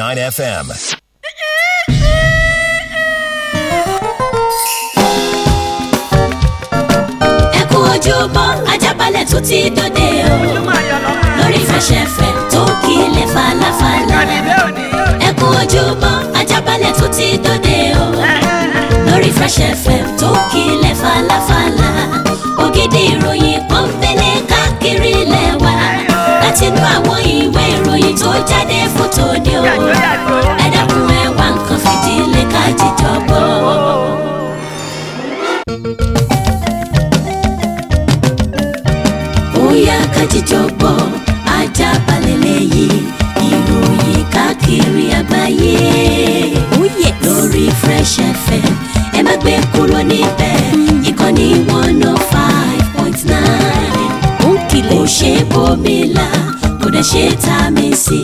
98.9 FM. ẹ kú ojúbọ ajábalẹ̀ tó ti dòde o lórí fẹsẹ̀fẹ̀ tó kílẹ̀ falafala ẹ kú ojúbọ ajábalẹ̀ tó ti dòde o lórí fẹsẹ̀fẹ̀ tó kílẹ̀ falafala ògidì ìròyìn kan látinú àwọn ìwé ìròyìn tó jáde fótó ni o ẹ dákun ẹ wá nǹkan fìdílé ká jíjọ gbọ́. bóyá ká jíjọ gbọ́ ajá balẹ̀ lẹ́yìn ìròyìn káàkiri àgbáyé oh, lórí Fresh FM ẹ má gbé kúrò níbẹ̀ ìkànnì one oh five ṣe bòmílà kò dẹ̀ ṣe tá a mi sí.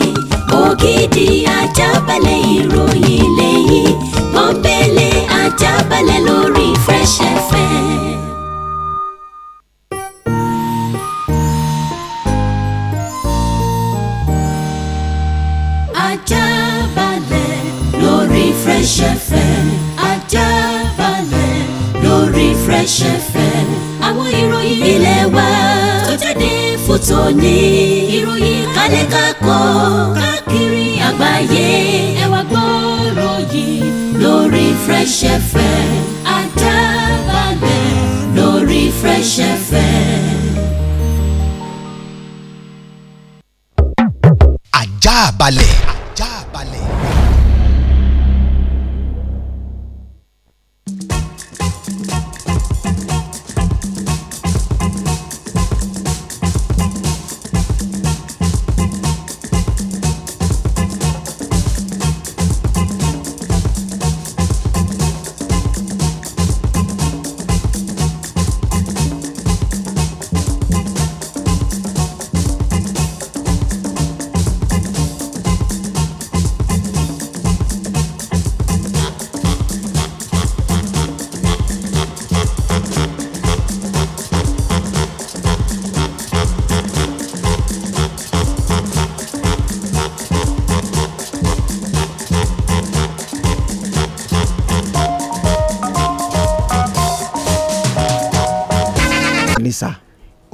ògidì ajábalẹ̀ ìròyìn lẹ́yìn pọ́npẹ́lẹ́ ajábalẹ̀ lórí Fresh FM. Ajábalẹ̀ lórí Fresh FM. Ajábalẹ̀ lórí Fresh FM. àwọn ìròyìn ilé wa tó jáde tòní ìròyìn kálẹ̀ kakọ́ kakiri àgbáyé ẹ wá gbọ́rọ̀ yìí lórí Fresh FM Ajaabale lórí Fresh FM. Ajaabale.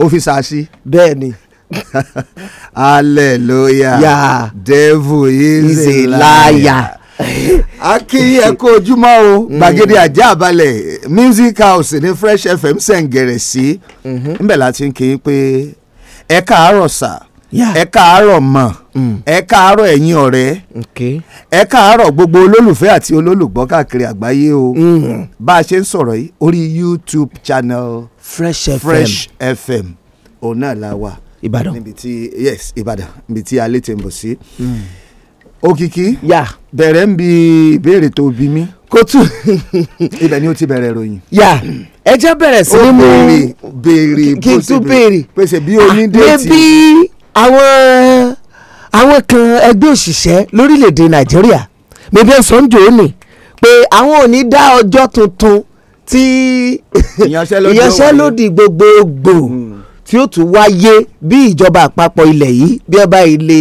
ó fi sàṣì. bẹ́ẹ̀ ni. hallelujah yeah. devil is a liar. a kí ẹ kú ojúmọ́ o gbàgede àjẹ́ àbálẹ̀ music house ní fresh fm ṣẹ̀ǹgẹ̀rẹ̀ sí. Mm-hmm. ńbẹ̀ la ti ń kí pé ẹ káàárọ̀ sáà ẹ káàárọ̀ mọ̀ mm. ẹ káàárọ̀ ẹ̀yin ọ̀rẹ́ ẹ káàárọ̀ gbogbo olólùfẹ́ àti olólùgbọ́ káàkiri àgbáyé o mm. bá a ṣe ń sọ̀rọ̀ yìí orí YouTube channel Fresh FM Fresh FM òun náà la wà Ìbàdàn níbi tí yes Ìbàdàn níbi tí alẹ́ ti ń bọ̀ sí. Mm. Òkìkí bẹ̀rẹ̀ ń bi ìbéèrè tó bí mi kó tù. ibẹ̀ ni ó ti bẹ̀rẹ̀ ròyìn. yà ẹ jẹ́ bẹ̀rẹ̀ sí ni mo béèrè béèrè bó béèrè pèsè bí onídéètì àwọn àwọn kan ẹgbẹ́ òṣìṣẹ́ lórílẹ̀‐èdè nàìjíríà bèbí ẹ̀sán jòó nì pé àwọn ò ní dá ọjọ́ tuntun tí ìyanṣẹ́lódì gbogbogbò hmm. tí ó tún wáyé bí ìjọba àpapọ̀ ilẹ̀ yìí bí ọba ilé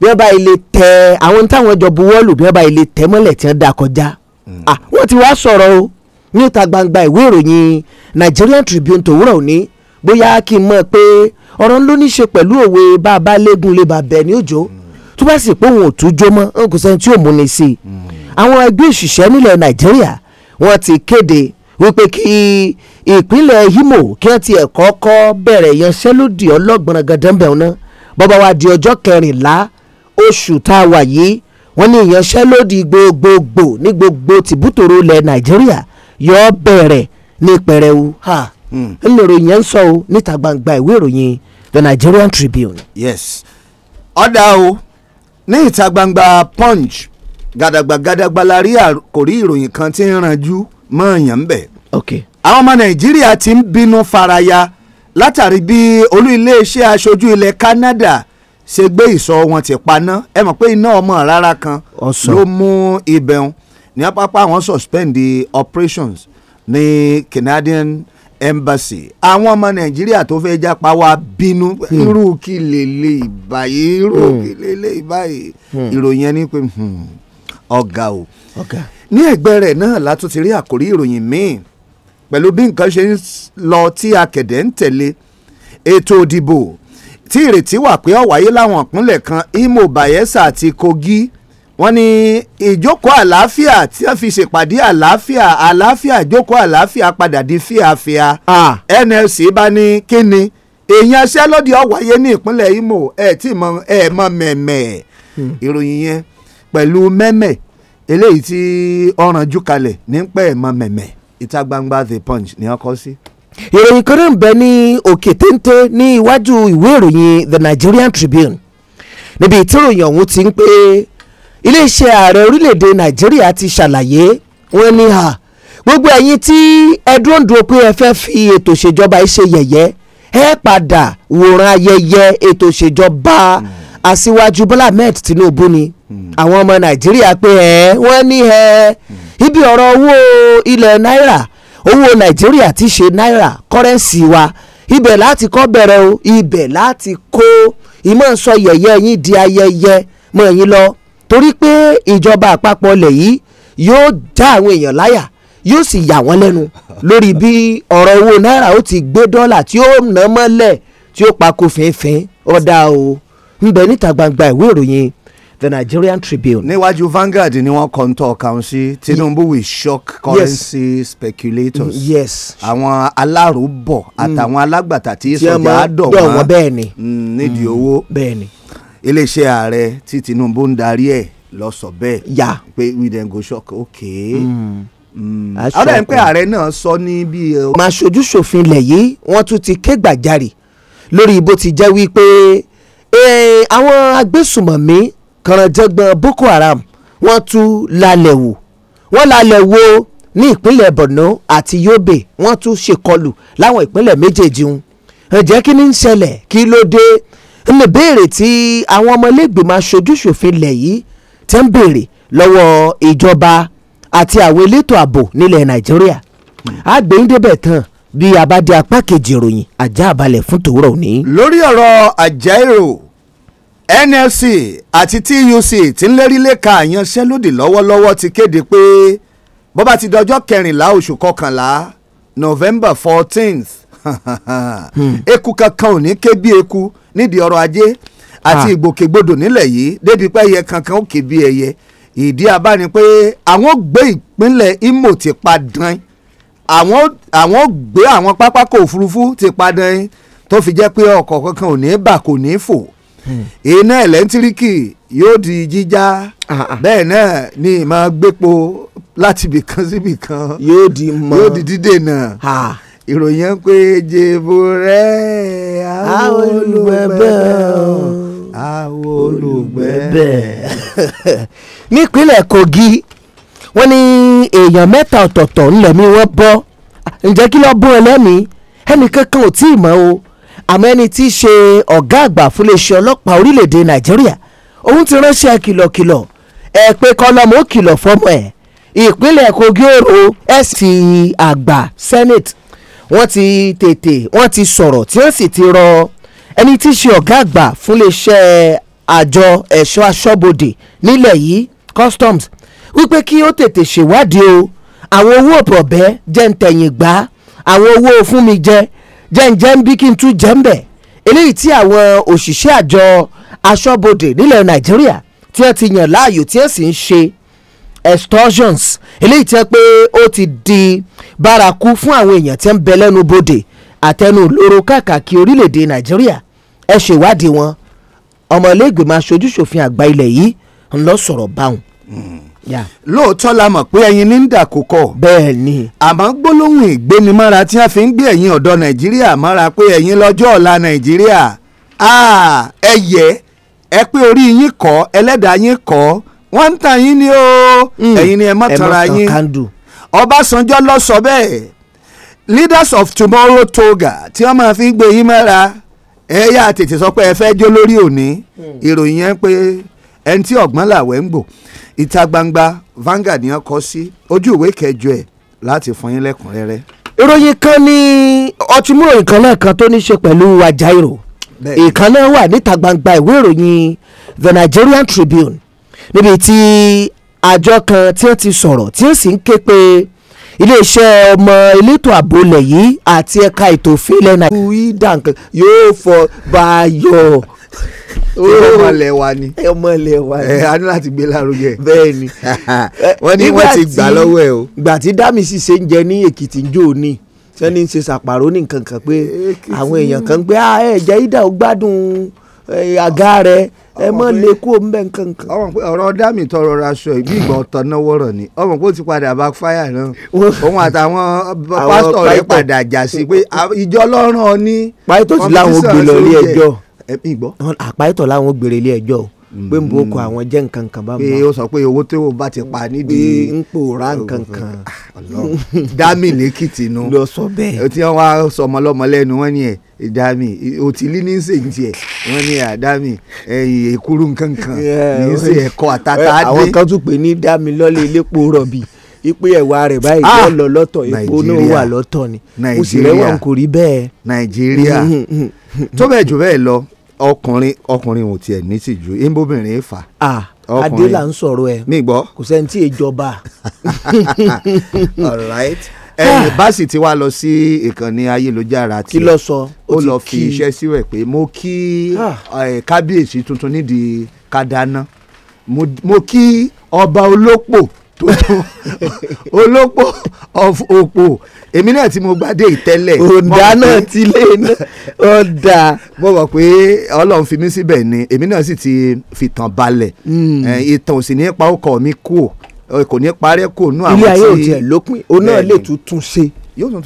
bí ọba ilé tẹ àwọn táwọn jọ buwọ́lù bí ọba ilé tẹ mọ́lẹ̀ tí wọ́n dá kọjá hmm. ah, wọ́n ti wá sọ̀rọ̀ o ní ìta gbangba ìwé ìròyìn Nigerian Tribune tòwúrọ̀ òní bóyá kí n mọ̀ pé ọ̀rọ̀ ló ní í ṣe pẹ̀lú òwe bá a bá léegun lè bà bẹ̀ ní òjò tó bá sì pé òun ò tún jó mọ́ kò sẹ́ni tí ò mú ni sí i àwọn ẹgbẹ́ òṣìṣẹ́ nílẹ̀ Nàìjíríà wọ́n ti kéde wípé kí ìpínlẹ̀ Imo kí wọ́n ti ẹ̀kọ́ kọ́ bẹ̀rẹ̀ ìyanṣẹ́lódì ọlọ́gbọ̀n gàdánbẹ̀ ọ̀nà bọ́bá wa di ọjọ́ kẹrìnlá oṣù tá a wà yìí wọ́n ní ìyanṣẹ́lódì gbogbogbò ní gbogbo tìbútòrò ilẹ̀ Nàìjíríà yóò bẹ̀rẹ̀ ní pẹrẹwu ha hmm. ńlọrọ yẹn ń sọ o níta gbangba ìwé ìròyìn the nigerian tribune. yes ọ̀dà o ní ìta gbangba punch gàdàgbà gàdàgbà la rí àkòrí ìròyìn kan tí ń ranjú mọ́ èèyàn ń bẹ̀. ok àwọn ọmọ nàìjíríà ti ń bínú faraya látàrí bí olú iléeṣẹ́ aṣojú ilẹ̀ canada ṣe gbé ìsọ̀ wọn ti paná ẹ mọ̀ pé iná ọmọ rárá kan ló mú ibẹ̀ wọn ní pápá wọn suspend the operations ní canadian embassy àwọn ọmọ nàìjíríà tó fẹ́ jápa wá bínú hmm. irú kí lèlè ìbáyé irú hmm. kí lèlè ìbáyé hmm. ìròyìn ẹni pé ọ̀gá o ní ẹ̀gbẹ́ rẹ̀ náà látún ti rí àkórí ìròyìn míì pẹ̀lú bí nǹkan ṣe ń lọ tí akẹ̀dẹ̀ ń tẹ̀lé ètò òdìbò tí ìrètí wà pé ó wáyé láwọn ìpínlẹ̀ kan Imo Bayelsa àti Kogi wọ́n ní ìjókòó àlàáfíà tí wọ́n fi ṣèpàdé àlàáfíà àlàáfíà ìjókòó àlàáfíà padà di fíàfíà NLC bá ní kíni èèyàn aṣẹ́lódì ó wáyé ní ìpínlẹ̀ Imo ẹ̀ tí mọ ẹ̀ mọ mẹ̀mẹ̀ hmm. ìròyìn yẹn pẹ̀lú mẹ́mẹ̀ eléyìí tí ọ̀ràn jù kalẹ̀ ní pẹ́ ẹ̀ mọ mẹ̀mẹ̀ ìta gbangba The Punch ni wọ́n kọ́ sí ìròyìn kan náà ń bẹ ní òkè téńté ní iwájú ìwé ìròyìn The Nigerian Tribune níbi ìtìròyìn ọ̀hún ti ń pé iléeṣẹ́ ààrẹ orílẹ̀‐èdè nàìjíríà ti ṣàlàyé wọ́n ní hà gbogbo ẹ̀yin tí ẹ dúró ń dúró pé ẹ fẹ́ fi ètò ìṣèjọba yìí ṣe yẹ̀yẹ́ ẹ padà wòran ayẹyẹ ètò ìṣèjọba aṣíwájú bọ́lá ahmed tinubu ni àwọn ọmọ nàìjíríà pé ẹ wọ́n ni ẹ ibi ọ̀rọ̀ owó ilẹ̀ náírà owó nàìjíríà ti ṣe náírà kọ́rẹ́ǹsì wa ibẹ̀ láti kọ́ bẹ̀rẹ̀ o ibẹ̀ láti kó ìmọ̀ sọ yẹ̀yẹ́ yín di ayẹyẹ mọ̀ yín lọ torí pé ìjọba àpapọ̀ ilẹ̀ yìí yóò já àwọn èèyàn láyà yóò sì yà wọ́n lẹ́nu lórí bí ọ̀rọ̀ owó náírà ó ti gbé dọ́là tí ó ná mọ́lẹ̀ tí ó pa kó fínfín ọ̀dà o ńbẹ níta gbangba ìwé ìròyìn the Nigerian Tribune. níwájú Vanguard ni wọ́n kọ́ ń tọ́ ọ̀kan sí Tinubu will shock currency yes. speculators. Mm, yes. àwọn aláròbọ̀ mm. àtàwọn alágbàtà tí sọjà á dọ̀ wọ́n mm, nídìí owó. bẹ́ẹ̀ ni iléeṣẹ́ ààrẹ tí Tinubu ń darí ẹ̀ lọ sọ bẹ́ẹ̀ yà pé we then go shock okay. Mm hmm. ọ̀rẹ́ ń pẹ́ ààrẹ náà sọ ní bí. Eh, máa ṣojú ṣòfin ilẹ̀ yìí wọ́n tún ti ké gbàjarè lórí bó ti jẹ́ wípé eh, àwọn agbésùmọ̀mí kànràjọgbọ̀n Boko Haram wọ́n tún lálẹ́ wò wọ́n lálẹ́ wò ní ìpínlẹ̀ Borno àti Yobe wọ́n tún ṣèkọlù láwọn ìpínlẹ̀ méjèèjì ń ǹjẹ́ kí ni ń ṣẹlẹ̀ kí ló dé ń lè béèrè tí àwọn ọmọlẹ́gbẹ̀mọ aṣojúṣòfin ilẹ̀ yìí ti ń béèrè lọ́wọ́ ìjọba àti àwọn elétò ààbò nílẹ̀ nàìjíríà àgbẹ̀yìndébẹ̀ tán bí a bá di apá kejì ìròyìn ajá àbálẹ̀ fún tòwúrọ̀ òní. lórí ọ̀rọ̀ àjẹrò nfc àti tuc tí ń lérí lẹ́ka àyànṣẹ́lódì lọ́wọ́lọ́wọ́ ti kéde pé bó bá ti dọjọ́ kẹrìnlá oṣù kọkànlá november fourteenth hmm. eku kankan ò ní ké bí eku nídìí ọrọ̀ ajé àti ah. ìgbòkègbodò nílẹ̀ yìí débi pé ẹyẹ kankan ó kè bí ẹyẹ ìdí abá ni pé àwọn gbé ìpínlẹ̀ Imo ti padàn àwọn gbé àwọn pápákọ̀ òfurufú ti padàn tó fi jẹ́ pé ọkọ̀ kankan ò ní bà kò ní fò hmm. iná ẹ̀lẹ́ntíríkì yóò di jíjá ah, ah. bẹ́ẹ̀ náà ni ìmọ̀ gbépo láti bìkan síbìkan yóò di dídènà ìròyìn yẹn pé jèbó rẹ̀ àwọn olùgbẹ̀bẹ̀ àwọn olùgbẹ̀bẹ̀. nípínlẹ̀ Kogi wọ́n ní èèyàn mẹ́ta ọ̀tọ̀ọ̀tọ̀ mi wọn bọ́ ǹjẹ́ kí lọ́ọ́ bún ẹ lẹ́mìí ẹnìkankan ò tí ì mọ̀ o àmọ́ ẹni tí í ṣe ọ̀gá àgbà fún iléeṣẹ́ ọlọ́pàá orílẹ̀‐èdè Nàìjíríà òun ti ránṣẹ́ kìlọ̀kìlọ̀ ẹ pé kọ́lọ́mù ó kìlọ̀ fọ́mọ ẹ̀ ìpínlẹ̀ Kogi òru ẹ̀sìn àgbà Senate wọ́n ti tètè wọ́n ti sọ̀rọ̀ tí wọ́n sì ti rọ ẹni tí í ṣe ọ̀gá àgbà fún iléeṣẹ́ àjọ ẹ̀ṣọ́ aṣọ́bodè nílẹ̀ yìí customs wípé kí ó tètè ṣèwádìí o àwọn owó ọ̀bọ̀bẹ́ jẹ́ ń tẹ̀yìn gbá àwọn owó fún mi jẹ jẹ́ ń jẹ́ ń bí kí n tún jẹ́ ń bẹ̀ eléyìí tí àwọn òṣìṣẹ́ àjọ aṣọ́bodè nílẹ̀ nàìjíríà tí wọ́n ti yàn láàyò tí wọ́n sì ń ṣe extortions eléyìí tí wọ́n pé ó ti di bárakú fún àwọn èèyàn tí wọ́n ń bẹ lẹ́nu bodè àtẹnu olóró káàkiri orílẹ̀-èdè nàìjíríà ẹ ṣèwádìí wọn ọmọlẹ́gbẹ̀mọ aṣojúṣòfin àgbà ilẹ̀ yìí ń lọ sọ̀rọ̀ báwọn. Hmm. lóòótọ́ la mọ̀ pé ẹyin ní ń dà kókọ́. bẹ́ẹ̀ ni. àmọ́ gbólóhùn ìgbénimára tí wọ́n fi ń gbé ẹ̀yin ọ̀dọ́ nàìjíríà mọ́ra pé ẹ̀yin lọ́jọ́ ọ̀la nàìjíríà ẹ ẹ pé orí yín kọ́ ẹlẹ́dàá yín kọ́ wọ́n ń tàn yín ni o mm. ẹ̀yin ni ẹ má tara yín Ọbásanjọ́ lọ sọ bẹ́ẹ̀ leaders of tomorrow toga tí wọ́n máa fi gbé yín mọ́ra ẹ yá tètè sọ pé ẹ fẹ́ jó lórí òní mm. ìròyìn yẹn pé ẹni tí ọ̀gbọ́n làwẹ̀ ń gbò ìta gbangba Vanguard ni wọ́n kọ sí ojú ìwé kẹjọ ẹ̀ láti fún yín lẹ́kùnrẹ́rẹ́. ìròyìn kan ni ọtí mú kan tó ní í ṣe pẹ̀lú Ajaero ìkan náà wà níta gbangba ìwé ìròyìn The Nigerian Tribune níbi tí àjọ kan tí wọ́n ti sọ̀rọ̀ tí wọ́n sì ń ké pe iléeṣẹ́ ọmọ elétò ààbò ilẹ̀ yìí àti ẹ̀ka ètò òfin ilẹ̀ nàìjíríà yóò fọ báyọ̀ ọmọ ilẹ̀ wa ni ọmọ ilẹ̀ wa ni ẹ a ní láti gbé lárugẹ bẹ́ẹ̀ ni ní wọ́n ti gbà lọ́wọ́ ẹ o. ìgbà tí dami sì ṣe ń jẹ ní èkìtì njó ni sẹ́ni ń ṣe ṣàpàrọ̀ ní nǹkan kan pé àwọn èèyàn kan pé ẹ jẹ́ ìdá ó gbádùn Eh, àga rẹ ẹ mọ lè kú òun bẹ́ẹ̀ nkankan. ọmọ pé ọrọ dami tọrọ raṣọ ìbí ọtọ tọ̀nà wọ̀rọ̀ ni ọmọ pé ó ti padà backfire náà òun àtàwọn eh, pásítọ̀ rẹ padà jà sí pé ìjọ ọlọ́run ọ ní. lọ ilé ẹjọ́ láwọn ilé ẹjọ́ pé n bò kọ àwọn jẹ́ nǹkan kan bá ma. pé o sọ pé owó tó o bá ti pa nídìí. pé n pò ra nǹkan kan. Ah, dami lèkìtì nu. lọ sọ bẹ́ẹ̀. tí wọ́n wá sọmọ lọ́mọ lẹ́nu wọ́n ní ẹ̀ dami òtí líní ń sèǹ tiẹ̀ wọ́n ní ẹ̀ dami èkúrú nǹkan kan ní í ṣe ẹ̀kọ́ àtàtà dé. àwọn kan tún pè ní dami lọ́lẹ̀ elépo rọ̀bì ipe ẹ̀wà rẹ̀ báyìí ah! yóò lọ lọ́tọ̀ epo náà wà lọ́tọ̀ ni. nàìjíríà òsì rẹ̀ wà ń kò rí bẹ́ẹ̀. nàìjíríà tó bẹ́ẹ̀ jù bẹ́ẹ̀ lọ ọkùnrin ọkùnrin ò tiẹ̀ ní tìjú ìbóbìnrin fà. adé là ń sọ̀rọ̀ ẹ̀ kò sẹ́ni tí ìjọba. all right ẹyìn ah. bá sì ti wá lọ sí ìkànnì ayélujára tí kí ló sọ ó lọ fi iṣẹ́ síwẹ̀ pé mo kí ah. kábíyèsí tuntun nídìí kádáná mo kí ọba olópò tòtò olópò of òpò èmi náà tí mo gbadé ìtẹ́lẹ̀. ọ̀dà náà ti lé ní ọ̀dà. mo mọ̀ pé ọlọ́run fi mí síbẹ̀ ni èmi náà sì ti fìtàn balẹ̀ hmm. ìtàn ò sì ní pa ọkọ̀ mi kú o kò ní parẹ́ kò nú àwọn tí. ilé ayé ò tiẹ̀ lópin òun lè tún ṣe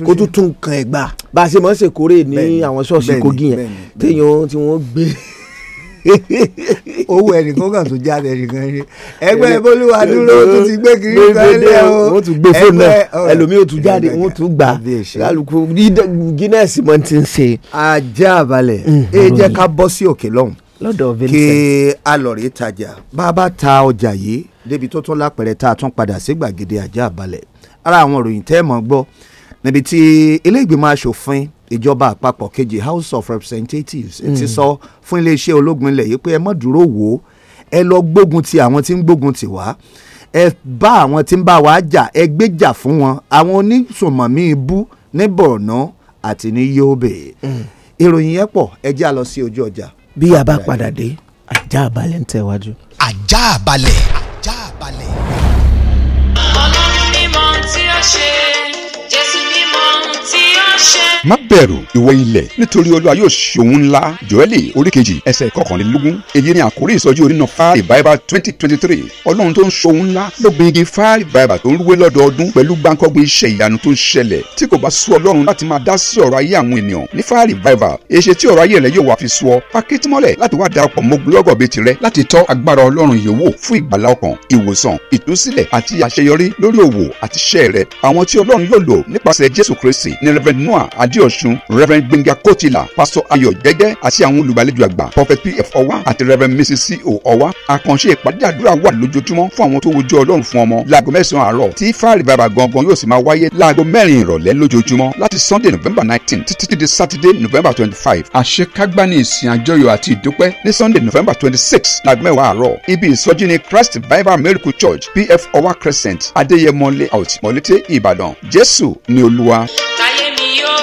kó tún kan ẹ̀ gbà bá a ṣe máa ń ṣèkórè ní àwọn ṣọ́ọ̀ṣì Kogi yẹn téèyàn tí wọ́n gbé owó ẹnìkan kan tó jáde ẹnìkan ṣe ẹgbẹ́ bolúwa dúró tó ti gbé kiri kan lẹ́ o wọ́n tún gbé fóònù náà ẹlòmíì ó tún jáde wọ́n tún gbà lálùkù Guinness mọ̀ ti ń ṣe. ajá balẹ̀ mm, ẹ jẹ́ ká bọ́ sí òkè lọ́hùn lọ́dọ̀ Vincent. kí alọ̀rẹ́ tajà bá a bá ta ọjà yìí débi tó tún lápẹ̀rẹ̀ tá a tún padà sí gbàgede ajá balẹ̀ ara àwọn ìròyìn tẹ́ ẹ̀ mọ́ gbọ́ níbi tí ilé ìgbìmọ̀ asòfin ìjọba àpapọ̀ kejì house of representatives mm. ti hmm. sọ fún iléeṣẹ́ ológun ilẹ̀ yìí pé ẹ mọ̀ dúró wò ó ẹ lọ gbógun ti àwọn tí ń gbógun ti wá ẹ bá àwọn tí ń bá wa jà ẹ gbéjà fún wọn àwọn onísùnmọ̀mí ibú ní Borno àti ní Yobe hmm. ìròyìn yẹn pọ̀ ẹ já lọ sí ojú ọjà. bí a bá padà dé ajá balẹ̀ ń tẹ̀wájú. ajá balẹ̀. ajá balẹ̀. ọlọ́run mímọ́ tí ó ṣe jésù mímọ́ tí ó ṣe má bẹ̀rù ìwọ ilẹ̀ nítorí olúwa yóò ṣe ńlá joeli oríkejì ẹsẹ̀ kọkànlélógún èyí ni àkórí ìsọjí oníná fáàlì bible twenty twenty three ọlọ́run tó ń ṣe ohun ńlá ló gbin igi fáàlì bible tó ń rúwé lọ́dọọdún pẹ̀lú gbáǹkọ́gbìn iṣẹ́ ìyanu tó ń ṣẹlẹ̀ tí kò bá sú ọlọ́run láti máa dá sí ọ̀rọ̀ ayé àwọn ènìyàn ní fáàlì bible èṣe tí ọ̀rọ̀ ayé rẹ yóò wá fi sú ọ pàkítímọ́lẹ̀ láti wá darapọ̀ mọ́ gbúlọ́gọ̀ bíi tirẹ̀ láti tọ́ agbára ọlọ́run yìí wò fún ìgbàlá ọkàn ìwòsàn ìtúsílẹ̀ àti àṣeyọrí lórí òwò àti iṣẹ́ rẹ̀ fújì ọ̀ṣun reverend gbẹ̀ngà kòtìlà pásọ ayọ̀ jẹ́jẹ́ àti àwọn olùgbàlejò àgbà prophet pf ọwá àti reverend mrs c o ọwá àkànṣe ìpàdé àdúrà wà lójoojúmọ́ fún àwọn tó wojú ọlọ́run fún ọmọ láago mẹ́sàn-án àárọ̀ tí fáàrí bàbà gangan yóò sì máa wáyé láago mẹ́rin ìrọ̀lẹ́ lójoojúmọ́ láti sunday november nineteen títí di saturday november twenty five àṣekágbá ní ìsìn àjọyọ̀ àti ìdúpẹ́ ní sunday november twenty six láago mẹ́wàá àárọ̀ ibi ìsọjí ní christ bible miracle church pf ọwá crescent adéyẹmọlé àwòtí mọ̀lété ìbàdàn jésù ni olúwa. táyé mi yóò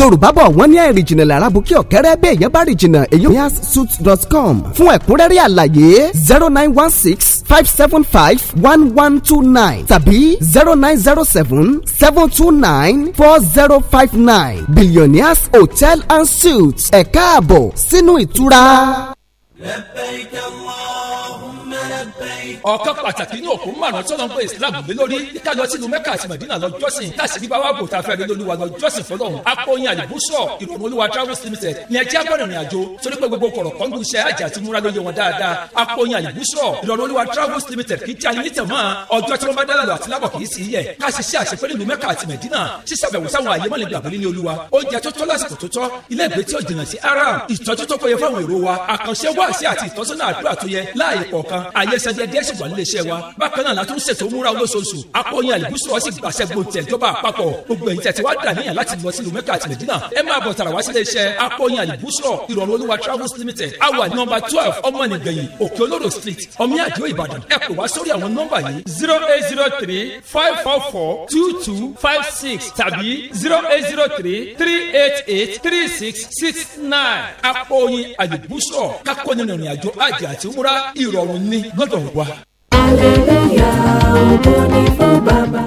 yorùbá bọ̀ wọ́n ní àìrìnjìnà lára bukí ọ̀kẹ́rẹ́ bẹ́ẹ̀ yẹn bá rìnjìnà èyí miassuit.com fún ẹ̀kúnrẹ́rẹ́ àlàyé zero nine one six five seven five one one two nine tàbí zero nine zero seven seven two nine four zero five nine billionaires hotel and suites ẹ̀ka àbọ̀ sínú ìtura. لبيك اللهم ọ̀kan pàtàkì ní òkú márùn-ún tọ́nà ń pè islam lé lórí kíkà lọ sílùú mẹ́kà àti mẹ̀dínà lọ jọ́sìn láti bí báwa bò tàfẹ́ lé lóluwa lọ jọ́sìn fọlọ́hún akọyin àlùbúsọ̀ ìrọ̀rùn olúwa travels limited ní ẹjẹ́ abọ́rẹ̀ ìrìn àjò torí pé gbogbo kọ̀rọ̀ kan dùn iṣẹ́ àjà àti múra lóye wọn dáadáa akọyin àlùbúsọ̀ ìrọ̀rùn olúwa travels limited kì í jẹ́ ayélujára mọ́ ọjọ́ tí wọ́n bá dára lọ àti lábọ̀ kì í sì yẹ ká ṣiṣẹ́ àṣepẹ́ nílùú mẹ́kà àti mẹ̀dínà ṣíṣàbẹ̀wò sáwọn àyè mọ́lẹ̀ gbàgbé ní olúwa oúnjẹ tó tọ́ lásìkò tó tọ́ ilé ìgbé tí ó jìnnà sí haram ìtọ́jú tó péye fáwọn èrò wa àkànṣe wáàsí àti ìtọ́sọ́nà àdúrà tó yẹ láàyè kọ̀ọ̀kan àyè àyẹ̀sẹ̀jẹ̀ díẹ̀ sì wà níléeṣẹ́ wa bákan náà látún ṣètò múra olóṣooṣù akọyin àlìbùsùn sì gbàṣẹ gbòǹtẹ̀ ìjọba àpapọ̀ gbogbo èyí tẹ̀ tí wàá dà níyàn láti lọ sílùú mẹ́kà àti mẹ́dínà ẹ máa bọ̀ tàrà wá sílé iṣẹ́ akọyin àlìbùsùn ìrọ̀rùn olúwa travels limited àwa nọ́mbà twelve ọmọnìgbẹ̀yìn òkè olóró street ọmíàdìó ìbàdàn ẹ pè wá sórí àwọn nọ́mbà yìí zero eight zero three five four four two two five six tàbí zero eight zero three three eight eight three six six nine akọyin àlìbùsùn kakọ́ni ìrìn àjò àjẹ àti múra ìrọ̀rùn ni gbọ́dọ̀ wá. hallelujah ògo ni fún bàbá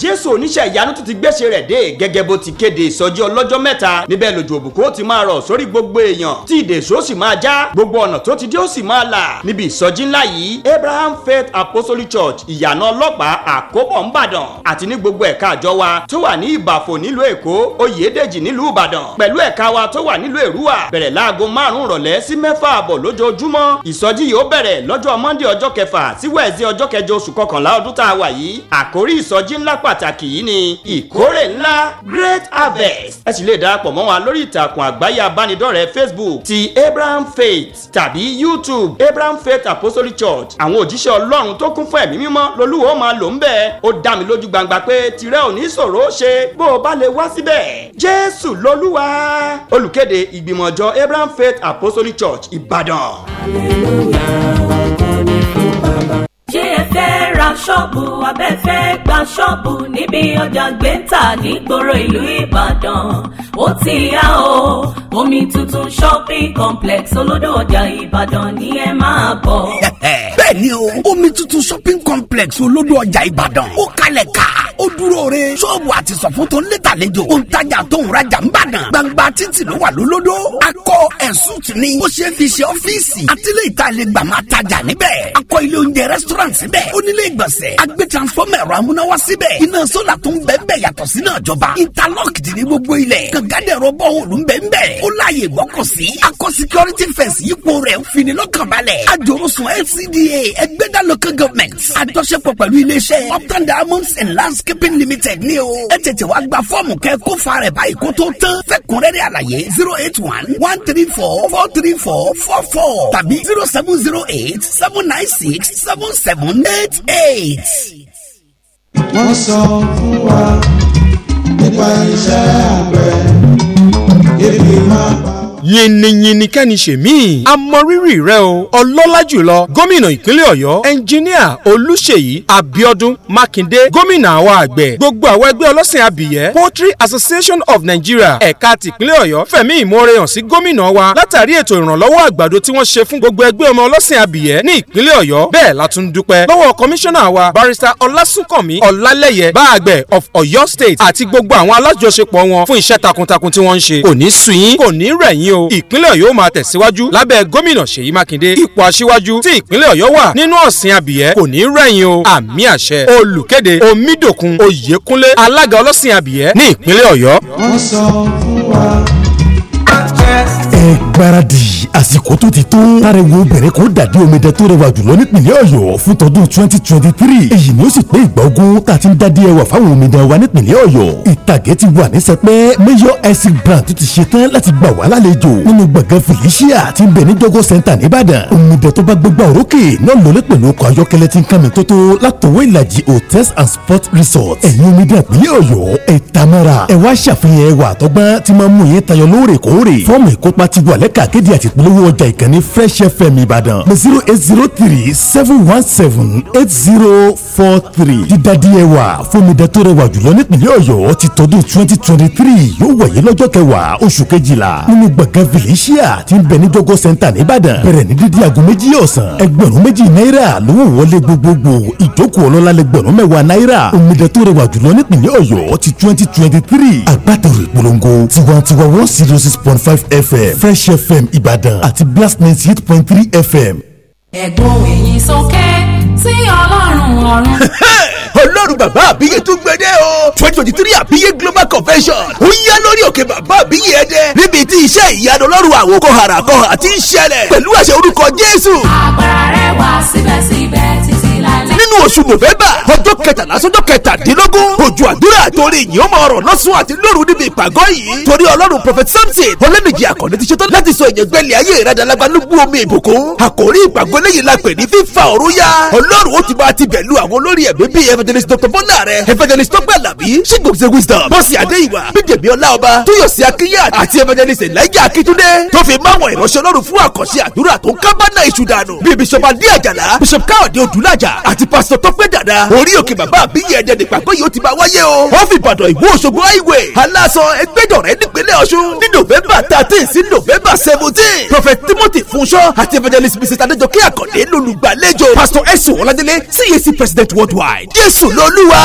jésù oníṣẹ́ ìyanu tún ti gbéṣẹ́ rẹ̀ dé gẹ́gẹ́ bó ti kéde ìsọjí ọlọ́jọ́ mẹ́ta níbẹ̀ lójú òbùkún ti máa rọ̀ sórí gbogbo èèyàn tí ìdè èso sì máa já gbogbo ọ̀nà tó ti dé ó sì máa là níbi ìsọjí ńlá yìí abraham faith apostolic church ìyànà ọlọ́pàá àkóbọ̀ ńbàdàn àti ní gbogbo ẹ̀ka àjọ wa tó wà ní ìbàfò nílùú èkó oyèdèjì nílùú ìbàdàn pẹ̀lú ẹ̀ka wa tó wà nílùú èrúwà bẹ̀rẹ̀ láago márùn-ún rọ̀lẹ́ sí mẹ́fà àbọ̀ lójoojúmọ́ ìsọjí yìí ó bẹ̀rẹ̀ lọ́jọ́ monday ọjọ́ kẹfà sí wẹ̀ẹ́sì ọjọ́ kẹjọ oṣù kọkànlá ọdún tá a wà yìí àkórí ìsọjí ńlá pà pàtàkì yìí ni ìkórè ńlá great harvest ẹ sì lè darapọ̀ mọ́ wa lórí ìtàkùn àgbáyé abánidọ́rẹ̀ẹ́ facebook ti abraham faith tàbí youtube abraham faith apostolic church àwọn òjíṣẹ́ ọlọ́run tó kún fún ẹ̀mí mímọ́ lolúwo máa lò ń bẹ́ẹ̀ ó dá mi lójú gbangba pé tirẹ̀ ò ní ṣòro ṣe bó o bá lè wá síbẹ̀ jésù lolúwa olùkéde ìgbìmọ̀jọ abraham faith apostolic church ìbàdàn. hallelujah ọkọ mi fún bàbá. ṣé ẹ fẹ́ rẹ̀ ṣọ́ọ̀bù abẹ́fẹ́ gba ṣọ́ọ̀bù níbi ọjà gbẹ́ntà nígboro ìlú Ìbàdàn ó ti yá o omi tuntun shopping complex olódò ọjà Ìbàdàn ni ẹ máa bọ̀. bẹ́ẹ̀ ni o omi tuntun shopping complex olódò ọjà Ìbàdàn ó kalẹ̀ ká ó dúró re ṣọ́ọ̀bù àti sọ̀fún tó ń létàlejò ó ń tajà tó ń rajà ń bàdàn gbangba títì ló wà lólódó akọ ẹ̀sùn tún ni ó ṣe fi ṣe ọ́fíìsì àtìlẹ́yìn tá a lè gbà níbẹ̀ akọ ilé oúnjẹ rẹ́sítọ́rọ̀ǹtì ìgbọ̀nsẹ̀. a gbé transformer ẹ̀rọ amúnáwá síbẹ̀. iná sólà tún bẹ́ẹ̀ yàtọ̀ sí náà jọba. interlock dì ní gbogbo ilẹ̀. kàngádẹ̀rọ bọ́ọ̀lù ń bẹ́ẹ̀. ó láàyè gbọ́kọ̀sí. akọ security fence yípo rẹ̀ ń fini lọ́kàn balẹ̀. àjòròsùn FCDA ẹgbẹ́dá local government. àjọṣepọ̀ pẹ̀lú iléeṣẹ́ upton diamonds and landscaping limited ní o. ẹ tètè wá gba fọ́ọ̀mù kẹ́ kó fa rẹ̀ báyìí kó tó tán. fẹ́kùnrẹ́rẹ́ àlàyé zero eight one one three four four three four four four tàbí zero seven zero eight seven nine six seven seven eight eight eight. wọ́n sọ fún wa nípa iṣẹ́ àgbẹ̀ ebi máa bá yìnyínyìnyín kẹ́ni ṣèmí. a mọ rírì rẹ o ọlọ́lá jùlọ gómìnà ìpínlẹ̀ ọ̀yọ́ ẹnjiníà olúṣèyí abiodun makinde gómìnà àwọn àgbẹ̀ gbogbo àwọn ẹgbẹ́ ọlọ́sìn abìyẹ́ poultry association of nigeria ẹ̀ka tìpínlẹ̀ ọ̀yọ́ fẹ̀mí ìmoore hàn sí gómìnà wa látàrí ètò ìrànlọ́wọ́ àgbàdo tí wọ́n ṣe fún gbogbo ẹgbẹ́ ọmọ ọlọ́sìn abìyẹ́ ní ìpínlẹ̀ ọ̀yọ́ bẹ́ẹ̀ la tún dúpẹ́ lọ́wọ́ kọmíṣánná wa barrister ọlásùnkànmí ọlálẹ́yẹ báàgbẹ̀ of ọ̀yọ́ state àti gbogbo àwọn alájọṣepọ̀ wọn fún iṣẹ́ takuntakun tí wọ́n ń ṣe kò ní sú yín kò ní rẹ̀ yín yín o ìpínlẹ̀ ọ̀yọ́ máa tẹ̀síwájú lábẹ́ gómìnà ṣèyí mákindé ipò aṣíwájú tí ìpínlẹ̀ ọ̀yọ́ wà nínú ọ̀sìn abìyẹ́ kò ní rẹ̀yìn o àmì àṣẹ olùkéde omídòkun oyèkúnlé alága ọlọ́sìn abìyẹ́ ní ìpínlẹ̀ ọ̀yọ́. wọ́n sọ fún wa gbáradì àsìkò tó ti tó. tariwo bẹ̀rẹ̀ kó dàdí omidan tó rẹwà jùlọ nípìnlẹ̀ ọ̀yọ́ fún tọdún twenty twenty three. èyí ni ó sì pé ìgbà ogún tá a ti ń dádí ẹwà fáwọn omidan wa nípìnlẹ̀ ọ̀yọ́. ìtàgé ti wà ní sẹpẹ́ mayor essex brand ti ṣe tán láti gbà wá lálejò nínú gbọ̀ngàn felicia ti ń bẹ ní jọgọ́ center níbàdàn. omidan tó bá gbégbá òrókè náà lọlé pẹ̀lú ọkọ̀ ayọ́kẹ́lẹ́ ti ń and sports resort. ẹ̀yin omidan ìpínlẹ̀ ọ̀yọ́ tamara ẹ̀ wá ṣàfihàn ẹwà àtọ́gbọ́n ti máa mú yín tayọ lóòrèkóòrè. fọ́ọ̀mù ìkópa lẹ́ka akéde àti ìpolówó ọjà ìkànnì fresh fm ìbàdàn ní zero eight zero three seven one seven eight zero four three dídádì ẹwà fúnmidà tó rẹwà jùlọ nípìnlẹ̀ ọ̀yọ́ ti tọdún twenty twenty three yóò wáyé lọ́jọ́ kẹwàá oṣù kejìlá nínú gbọ̀ngàn felicia ti ń bẹ ní jọgọ́ center nìbàdàn bẹ̀rẹ̀ ní dídí aago méjì ọ̀sán ẹgbẹ̀rún méjì náírà lówó wọlé gbogbogbò ìjókòó ọlọ́lá lẹgbẹ̀rún mẹ́wàá náírà omidà tó rẹwà jùlọ nípìnlẹ̀ ọ̀yọ́ ti twenty twenty three agbátẹrù ìpolongo tiwantiwa one zero six point five fm fresh fm fm ìbàdàn àti blast ninety eight point three fm. ẹ̀gbọ́n èyí sókè sí ọlọ́run ọ̀run ọlọ́run bàbá àbíyé tún gbẹdẹ o twenty twenty three àbíyé global convention ó yá lórí òkè bàbá àbíyé ẹdẹ níbi tí iṣẹ́ ìyanu ọlọ́run àwòkọ́ àràkọ́ àti ìṣẹ̀lẹ̀ pẹ̀lú àṣẹ orúkọ jésù. àgbàrá rẹ̀ wá síbẹ̀síbẹ̀ nínú oṣù november ọjọ́ kẹtàlá sọjọ́ kẹtàdínlógún ojú àdúrà torí ìyìn ó máa rọ̀ lọ́sùn àti lóru níbi ìpàgọ́ yìí torí ọlọ́run prophet samson ọlẹ́mìjì àkànní ti ṣetán láti sọ ìyẹn gbẹ́lẹ̀ ayé ìradàlágbá lóbu omi ìbùkún àkòrí ìpàgọ́ lẹ́yìn la pè ní fífa ọ̀run yá ọlọ́run ó ti bá ti bẹ̀lú àwọn olórí ẹ̀mí bíi evangelist dr bọ́lá rẹ evangelist tọ́pẹ́ àlàbí ṣígbòkè wisdom bọ́sì adéyìnwá bídèmí ọláọba tóyọ̀sí akínyà àti evangelist elijah akíntúndé pásítọ̀ tó fẹ́ dàda orí òkè bàbá àbíyẹ ẹ̀dẹ̀dẹ̀ pàgọ́ yìí ó ti bá wáyé o wọ́n fi ìbàdàn ìwé òṣogbo highway alásan ẹgbẹ́jọ̀rẹ́ nípínlẹ̀ ọ̀ṣun ní november thirteen sí november seventeen prophet timothy funṣọ àti evangelist mrs adéjọkẹ́ àkàndé lolùgbàlejò pastor ẹ̀sùn ọ̀làdélé cac president worldwide jésù lolúwa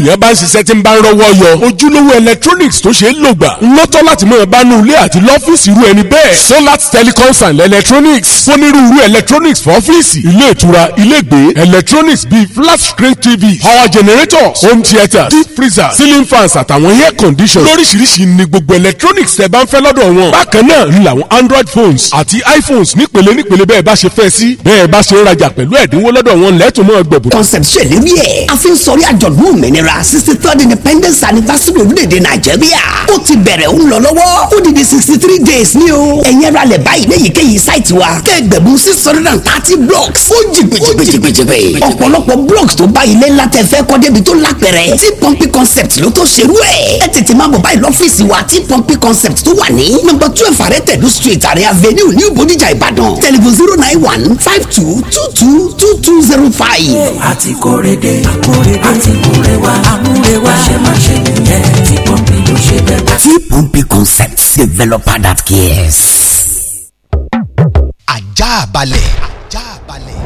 téèyàn bá ń ṣiṣẹ́ tí ń bá ń rọwọ́ yọ ojúlówó electronics tó ṣe é lò gbà lọ́tọ́ láti mọ̀ bá nu ilé àti lọ́fíìsì irú ẹni bẹ́ẹ̀ solar telecoms and electronics fonírúurú electronics for ọ́fíìsì ilé ìtura ilé gbé electronics bíi flat screen tv power generators home theatres deep freezers ceiling fans àtàwọn air conditioners lóríṣiríṣi ni gbogbo electronics tẹ́ bá ń fẹ́ lọ́dọ̀ wọn bákan náà ń làwọn android phones àti iphones nípele nípele bẹ́ẹ̀ bá ṣe fẹ́ sí bẹ́ẹ̀ bá ṣe ń rajà pẹ̀lú ẹ̀dínwó lọ́dọ̀ wọn lẹ́tùmọ̀ gbẹ̀bù. concept ṣèlérí ẹ̀ a fi ń sọrí àjọ̀dún òmìnira àdúrà sixty third independence anniversary orílẹ̀-èdè nàìjíríà ó ti bẹ̀rẹ̀ ń lọ lọ́wọ́ ó di di sixty three days ní o ẹ̀yẹ́ ra lẹ̀ báyìí léyìíkéyìí sáìtì wa kẹ́gbẹ̀bù six hundred and thirty blocks ó jì gbèjìgbèjìgbèjìgbè ọ̀pọ̀lọpọ̀ blocks tó bá ilé ńlá tẹ fẹ́ kọ́ débi tó lápẹ̀rẹ̀ tí pọ́ńpì concept ló tó ṣerú ẹ̀ ẹ tètè máa bọ̀ báyìí lọ́fíìsì wa tí pọ́ńpì concept tó wà ní number twelve àrẹ́tẹ̀dú street àrẹ avenue new bodijà ìbàdàn tẹlifon zero nine one five two two two two zero five. àti kórede àkórede àti kórewa wa àmúre wa ṣe má ṣe nìyẹn tí pọ́ǹpì ló ṣe bẹ́ẹ̀. tí pọ́ǹpì concepts developer that cares. ajá balẹ̀. ajá balẹ̀.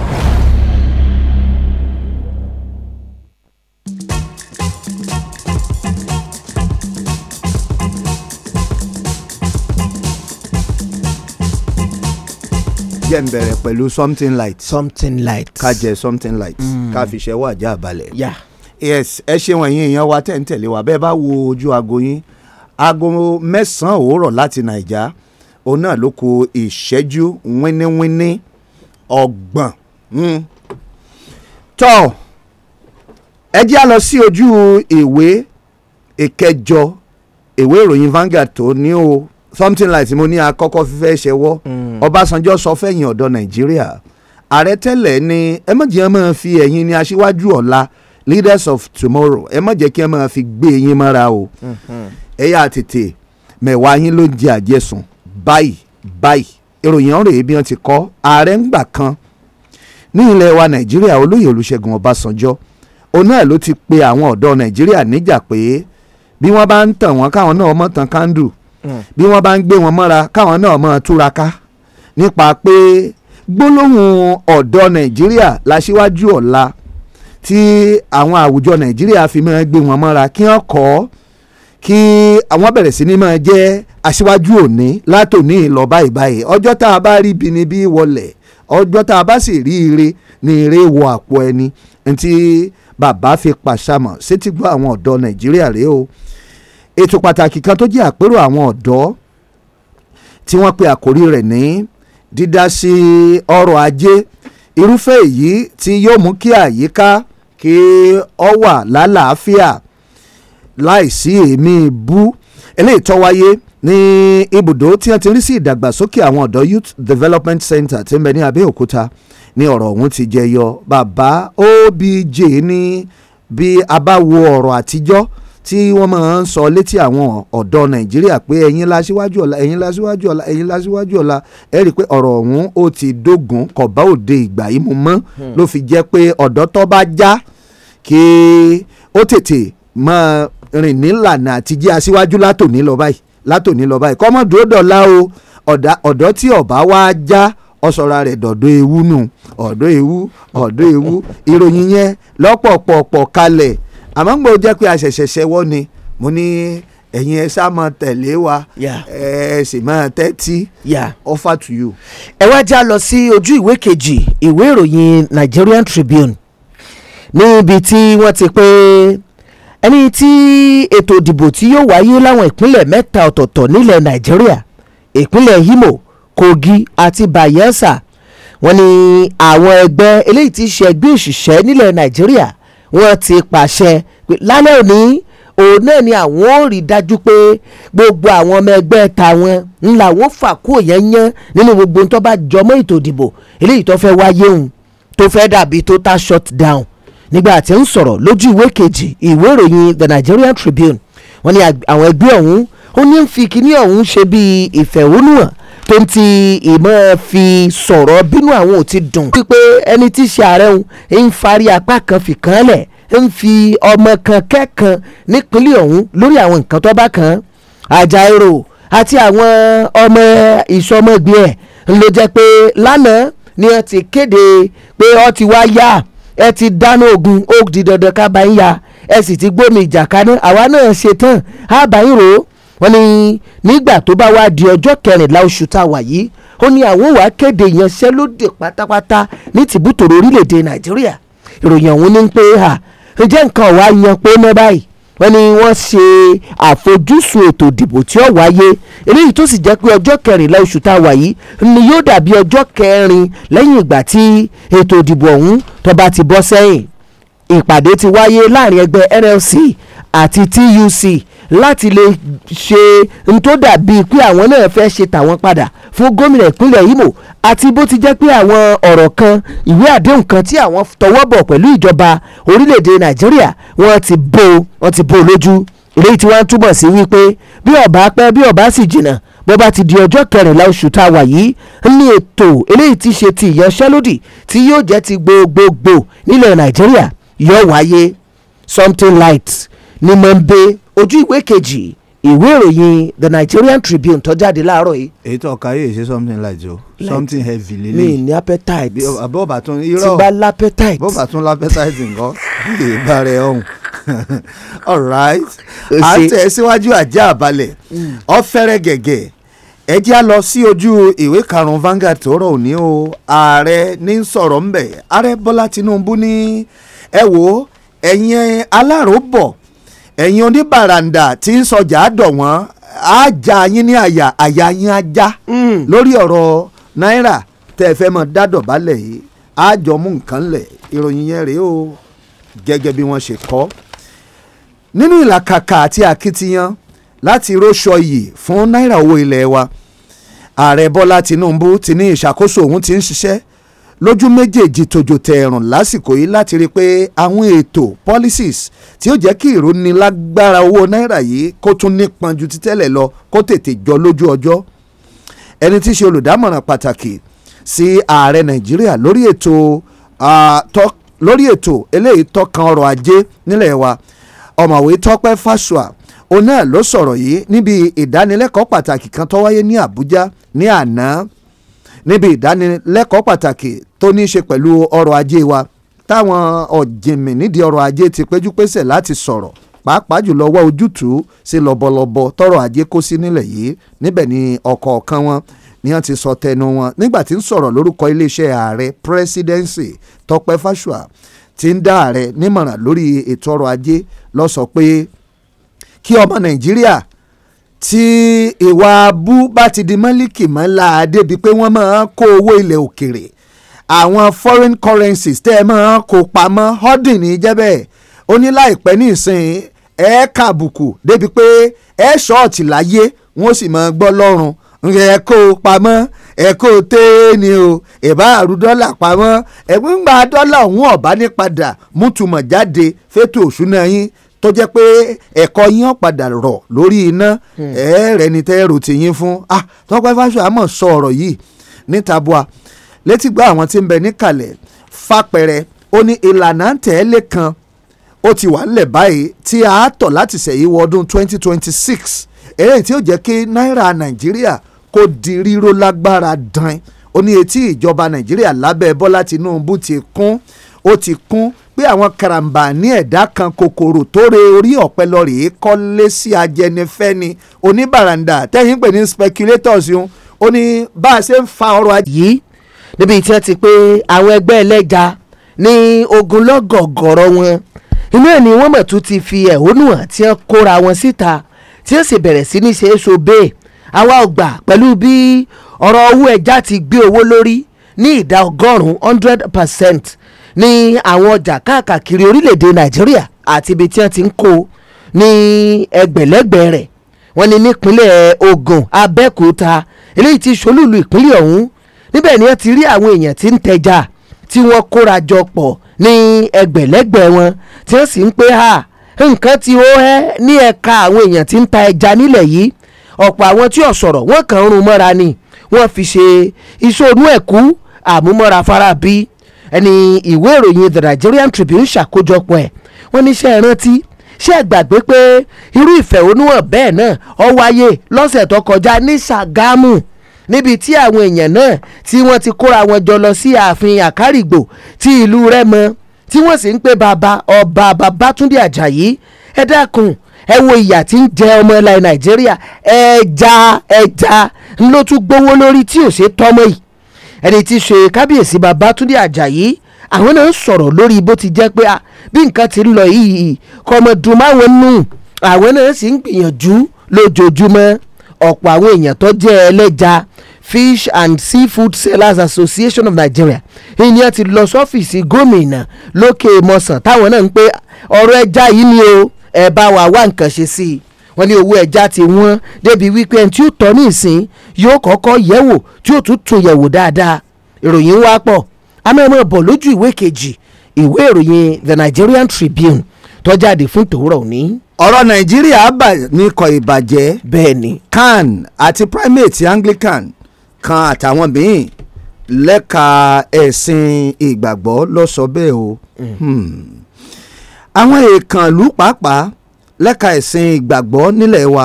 jẹ́ n bẹ̀rẹ̀ pẹ̀lú something light. something light. ká jẹ something light. Mm. ká fi ṣẹ́wọ́ ajá balẹ̀. Yeah yes ẹ ṣeun ẹ̀yin èèyàn wa tẹ̀ ń tẹ̀lé wa bẹ́ẹ̀ bá wo ojú aago yín aago mẹ́sàn-án òwúrọ̀ láti nàìjà òun náà ló kù ìṣẹ́jú wíníwíní ọgbọ̀n hmm. tọ́ ẹ jẹ́ á lọ sí ojú ìwé ìkẹjọ ìwé ìròyìn Vanguard tó ní o something like mo ní àkọ́kọ́ fífẹ́ ṣẹwọ́ hmm. Ọbásanjọ́ sọ fẹ́yìn ọ̀dọ́ Nàìjíríà ààrẹ tẹ́lẹ̀ ni ẹ má jẹ́ máa fi ẹ̀yin ni aṣíwájú ọ̀la leaders of tomorrow ẹ má jẹ́ kí ẹ máa fi gbé yín mọ́ra o mhm. ẹ yá tètè mẹ̀wàá yín ló jẹ àjẹsùn báyìí báyìí ìròyìn ọ̀rọ̀ èébí wọn ti kọ́ ààrẹ ńgbà kan ní ilẹ̀ wa nàìjíríà olóyè olùṣègùn ọbásanjọ́ òun náà ló ti pe àwọn ọ̀dọ́ nàìjíríà níjà pé bí wọ́n bá ń tàn wọ́n káwọn náà mọ̀ tàn kándù hmm. bí wọ́n bá ń gbé wọn mọ́ra káwọn náà mọ̀ túraká nípa pé gbólóhùn ọ̀dọ́ nàìjíríà làṣíwájú ọ̀la tí àwọn àwùjọ nàìjíríà fi máa gbé wọn mọ́ra kí wọ́n kọ́ ọ́ kí àwọn bẹ̀rẹ̀ sí ni máa jẹ́ aṣíwájú òní látòní lọ báyìí báyìí ọjọ́ tá a bá rí bínibí wọlẹ̀ ọjọ́ tá a bá sì rí ire ni ire wọ àpò ẹni ntí bàbá fi pàṣàmọ̀ sétí gbọ́ àwọn ọ̀dọ́ nàìjíríà rèé o ètò pàtàkì kan tó jẹ́ àpérò àwọn ọ̀dọ́ tí wọ́n pe àkórí rẹ̀ ní dídá sí ọrọ̀ ajé irúfẹ́ èyí tí yóò mú kí àyíká kí ọ wà lálàáfíà láìsí èémí bú eléyìí tó wáyé ní ibùdó tí wọ́n ti rí sí ìdàgbàsókè àwọn ọ̀dọ́ youth development center tí ń bẹ ní Abẹ́òkúta ní ọ̀rọ̀ ọ̀hún ti jẹyọ bàbá Obj ní bí a bá wo ọ̀rọ̀ àtijọ́ tí wọ́n máa ń sọ létí àwọn ọ̀dọ́ nàìjíríà pé ẹ̀yin lásìwájú ọ̀la ẹ̀yin lásìwájú ọ̀la ẹ̀yin lásìwájú ọ̀la ẹ rí i pé ọ̀rọ̀ ọ̀hún ó ti dógùn kò bá òde ìgbà yìí mu mọ́ hmm. ló fi jẹ́ pé ọ̀dọ́ tó bá já kí ó tètè máa rìn nílànà àti jẹ́ aṣíwájú látòní lọ báyìí látòní lọ báyìí kọ́mọ́ dúró dọ̀la o ọ̀dọ́ tí ọ̀bá wá já ọ̀sọ̀ra rẹ̀ dọ̀dọ̀ ewu nù ọ̀dọ̀ ewu ọ̀dọ̀ ewu ìròyìn yẹn lọ́pọ̀pọ̀pọ̀ kalẹ̀ àmọ́ gbọ́dọ̀ jẹ́ pé àṣẹ̀ṣẹ̀ṣẹ̀ wọ́ ni mo ní ẹ̀yin ẹ sá máa tẹ̀lé wa ẹ sì máa tẹ́tí offer to you. ẹ wá já lọ sí ojú ìwé kejì ìwé ìròyìn Nigerian Tribune níbi tí wọ́n ti pé ẹni tí ètò ìdìbò tí yóò wáyé láwọn ìpínlẹ̀ mẹ́ta ọ̀tọ̀ọ̀tọ̀ nílẹ̀ Nàìjíríà ìpínlẹ̀ Imo Kogi àti Bayelsa wọ́n ní àwọn ẹgbẹ́ eléyìí ti ṣe ẹgbẹ́ òṣìṣẹ́ nílẹ̀ Nàìjíríà wọ́n ti pàṣẹ lálẹ́ òní òun náà ni àwọn ò rí dájú pé gbogbo àwọn ọmọ ẹgbẹ́ tàwọn ńlá wọn fà kúrò yẹnyẹn nínú gbogbo tó bá jọmọ́ ètò ìdìbò eléyìí tó fẹ́ wáyé òun tó fẹ́ dàbí total shutdown nígbà tí ń sọ̀rọ̀ lójú ìwé kejì ìwé ìròyìn the Nigerian Tribune wọ́n ní àwọn ẹgbẹ́ ọ̀hún ó ní ń fi kíní ọ̀hún ṣe bíi ìfẹ̀hónúhàn tó ń ti ìmọ̀ fi sọ̀rọ̀ bínú àwọn ò ti dùn. wípé ẹni tí í ṣe ààrẹ ń fari apá kan fìkan lẹ̀ ń fi ọmọ kan kẹ́kan nípínlẹ̀ ọ̀hún lórí àwọn nǹkan tó bá kan àjàrò àti àwọn ọmọ ìsọmọgbìn ẹ̀ ló jẹ́ pé lánàá ni wọ́n ti kéde pé ó ti wá yá ẹ ti dáná ogun ó di dandan ká bá ń ya ẹ sì ti gbómi ìjà kaná àwa náà ṣetán á bá ń rò ó wọ́n ní nígbà tó bá wá di ọjọ́ kẹrìnlá oṣù tá a wà yìí ó ní àwọn wàá kéde ìyanṣẹ́lódì pátápátá ní tìbútòrò orílẹ̀-èdè nàìjíríà ìròyìn ọ̀hún ní pé ha ǹjẹ́ nǹkan ọ̀wá yan pé ná báyìí wọ́n ní wọ́n ṣe àfojúsùn ètò ìdìbò tí ó wáyé eléyìí tó sì jẹ́ pé ọjọ́ kẹrìnlá oṣù tá a wà yìí ni yóò dàbí ọjọ́ kẹrin lẹ́yìn ìgbà tí ètò ìdìbò ọ̀hún tó bá ti bọ́ sẹ́yìn ìpàdé ti wáyé láàrin ẹgbẹ́ NLC àti TUC láti lè ṣe n tó dàbí pé àwọn náà fẹ́ ṣe tàwọn padà fún gómìnà ìpínlẹ̀ Imo àti bó ti jẹ́ pé àwọn ọ̀rọ̀ kan ìwé àdéhùn kan tí àwọn tọwọ́ bọ̀ pẹ̀lú ìjọba orílẹ̀-èdè Nàìjíríà wọ́n ti bò wọ́n ti bò lójú eléyìí tí wọ́n túbọ̀ sí wípé bí ọ̀bá pẹ́ bí ọ̀bá sì jìnnà bó bá ti di ọjọ́ kẹrìnlá oṣù tá a wà yìí ní ètò eléyìí ti ṣe ti ìyanṣẹ́lódì tí yóò jẹ́ ti gbogbogbò nílẹ̀ Nàìjíríà yóò wáyé something light ni mọ̀ ń bẹ́ẹ́ ojú ìwé kejì ìwé ìròyìn the Nigerian Tribune tó jáde láàárọ̀ yìí. èyí tó ọkà yìí ṣe something like o something heavy lele. mi ní appetite. bọ́ọ̀bà tún irọ́ ti bá l'appetite. bọ́ọ̀bà tún l'appetite nǹkan ìbá rẹ̀ ọ̀hún all right. à ń tẹ̀ síwájú àjá àbálẹ̀ ọ̀fẹ́rẹ́ hmm. gẹ̀gẹ̀ ẹ jẹ́ a lọ sí ojú ìwé karùn-ún Vanguard tó rọ̀ òní o ààrẹ ní sọ̀rọ̀ ńbẹ̀ ààrẹ Bọ́lá Tinubu ní ẹ wo ẹ̀yin aláròbọ̀ ẹ̀yin oníbàràǹdà tí ń sọjà dọ̀wọ́n á já yín ní àyà àyà yín á já hmm. lórí ọ̀rọ̀ náírà tẹ́ ẹ fẹ́ mọ dádọ̀bálẹ̀ yìí á jọ mú nǹkan lẹ̀ ìròyìn yẹn rèé o gẹ́gẹ́ bí wọ́n ṣe kọ́ nínú ìlàkàkà àti àkitiyan láti róṣọ iyì fún náírà owó ilẹ̀ wa ààrẹ bọ́lá tinubu ti ní ìṣàkóso òun ti ń ṣiṣẹ́ lójú méjèèjì tòjò tẹ̀rùn lásìkò yìí láti rí i pé àwọn ètò policies tí ó jẹ́ kí ìrónilágbára owó náírà yìí kó tún nípọn ju ti tẹ́lẹ̀ lọ kó tètè jọ lójú ọjọ́ ẹni tí í ṣe olùdámọ̀ràn pàtàkì sí ààrẹ nàìjíríà lórí ètò lórí ètò eléyìí tọ́kan ọrọ̀ ajé nílẹ̀ wa ọ̀mọ̀wé tọ́pẹ́ fásùà òun náà ló sọ̀rọ̀ yìí níbi ìdánilẹ́kọ̀ọ́ pàtàkì kan tó wáyé ní àbújá ní àná níbi ìdánilẹ́kọ̀ọ́ pàtàkì tó ní í ṣe pẹ̀lú ọrọ̀ ajé wa táwọn ọ̀jìnmí nídìí ọrọ̀ ajé ti péjúpésẹ̀ láti sọ̀rọ̀ pàápàá jùlọ wá ojútùú sí lọ́bọ̀lọ́bọ̀ tọrọ̀ ajé kó sí nílẹ̀ yìí níbẹ̀ ni ọ̀kọ̀ọ̀kan wọn ni wọ́n ti sọ tẹnu wọn nígbà tí ń sọ̀rọ̀ lórúkọ iléeṣẹ́ ààrẹ presidency Tọ́pẹ́ Fáṣùà ti ń dá ààrẹ nímọ̀ràn lórí ètò ọrọ̀ ajé ló sọ pé kí ọmọ Nàìjíríà tí ìwà abú bá ti di mọ́líkì mọ́lá débi pé wọ́n máa ń kó owó ilẹ̀ òkèrè àwọn foreign currencies tẹ́ ẹ máa ń kó pamọ́ holding ní jẹ́bẹ̀ ó ní láìpẹ́ ní ìsìn ẹ̀ kàbùkù débi pé ẹ̀ ṣọ́ọ̀tì láyé wọ́n sì máa gbọ́ lọ́rùn ẹ kó pamọ́ ẹ kó téèni o ìbá àrùn dọ́là pamọ́ ẹ̀gbọ́n gba dọ́là òun ọ̀bá ní padà mútùmọ̀ jáde fétò òṣùnà yín tó jẹ́ pé ẹ̀kọ́ yín ọ̀padà rọ̀ lórí iná hmm. ẹ̀ẹ́rẹ́ ni tẹ́ ẹ̀rù ti yín fún ah Tọ́pẹ́ Fáṣùhámọ̀ sọ ọ̀rọ̀ yìí ní tabua létígbà àwọn tí ń bẹ níkàlẹ̀ fapẹ̀rẹ̀ ó ní ìlànà tẹ̀lé kan ó ti wà nílẹ̀ báyìí tí a tọ̀ láti ṣẹ̀yí wọ ọdún 2026 èyí tí ó jẹ́ kí náírà Nàìjíríà kó di ríró lágbára dán ó ní etí ìjọba Nàìjíríà lábẹ́ Bọ́lá Tinubu ti kún ó ti kún pé àwọn karambà ní ẹ̀dá kan kòkòrò tó re orí ọ̀pẹ lọ rèé kọ́lé sí ajẹnifẹ́ni oníbàràǹdà tẹ́yìn pè ní speculators yun ó ní bá a ṣe ń fa ọrọ̀ ajé. yìí níbi tí wọ́n ti pé àwọn ẹgbẹ́ ẹlẹ́ja ní ogunlọ́gọ̀gọ̀rọ̀ wọn inú ẹ̀ ni wọ́n mọ̀ tún ti fi ẹ̀hónú hàn tí wọ́n kóra wọn síta tí wọ́n sì bẹ̀rẹ̀ sí ní ṣe bẹ́ẹ̀ àwa ọgbà pẹ̀lú bí ọ̀rọ̀ owó ẹja ti gbé owó lórí ní ìdá ọgọ́rùn-ún hundred percent ní àwọn ọjà káàkiri orílẹ̀-èdè nàìjíríà àti ibi tí wọ́n ti ń kó ní ẹgbẹ̀lẹ́gbẹ̀ẹ́ rẹ̀ wọ́n ní nípínlẹ̀ Ògùn Abẹ́òkúta eléyìí ti ṣolúlu ìpínlẹ̀ ọ̀hún níbẹ̀ ni wọ́n ti rí àwọn èèyàn tí ń tẹja tí wọ́n kóra jọ pọ̀ ní ẹgbẹ̀lẹ́gbẹ̀ẹ́ wọn tí wọ́n sì ń pé ha nǹkan tí ó hẹ́ ní ẹ̀ka àwọn èèyàn tí ń ta ẹja nílẹ̀ yìí ọ̀pọ̀ àwọn tí ò sọ̀rọ̀ wọ́n kàn ń rún mọ́ra ni wọ́n fi ṣe iṣẹ́ onú ẹ̀kú àmúmọ́ra fara ẹni ìwé ìròyìn the Nigerian Tribune ṣàkójọpọ̀ ẹ̀ wọ́n ní ṣe é rántí ṣe é gbàgbé pé irú ìfẹ̀hónúhàn bẹ́ẹ̀ náà ó wáyé lọ́sẹ̀ tó kọjá ní Ṣàgámù níbi tí àwọn èèyàn náà tí wọ́n ti kóra wọn jọ lọ sí ààfin àkárìgbò ti ìlú Rẹ́mọ tí wọ́n sì ń pe bàbá ọba Babátúndé Àjàyí ẹ dákun ẹ wo ìyà tí ń jẹ ọmọ ilẹ̀ Nàìjíríà ẹja ẹja ló tún gbówó lórí tí ò ṣe tọ́mọ yìí ẹni tí í ṣe kábíyèsí babátúndé àjàyí àwọn náà sọ̀rọ̀ lórí bó ti jẹ́ pé bí nǹkan ti ń lọ yìí kọ́mọdún máwọn nù àwọn náà sì ń gbìyànjú lójoojúmọ́ ọ̀pọ̀ àwọn èèyàn tó jẹ́ ẹlẹ́ja Fish and Seafood Sellers Association of Nigeria ìyẹn ti lọ sọ́fíìsì gómìnà lókè mọ̀sán táwọn náà ń pé ọ̀rọ̀ ẹja yìí ni o ẹ bá wa wá nǹkan ṣe sí i wọ́n ní owó ẹja ti wọ́n débi wípé ẹni tí ó tọ́ ní ìsìn yóò kọ́kọ́ yẹ̀wò tí ó tún tún yẹ̀wò dáadáa ìròyìn wá pọ̀ amẹ́mọ́ bọ̀ lójú ìwé kejì ìwé ìròyìn The Nigerian Tribune tó jáde fún tòwúrọ̀ òní. ọ̀rọ̀ nàìjíríà bà níkọ̀ ìbàjẹ́ bẹ́ẹ̀ni CAN àti primate Anglican kan àtàwọn míì lẹ́ka ẹ̀sìn ìgbàgbọ́ ló sọ bẹ́ẹ̀ o. Mm. Hmm. àwọn èèkàn lù pàápàá lẹ́ka ẹ̀sìn ìgbàgbọ́ nílẹ̀ wa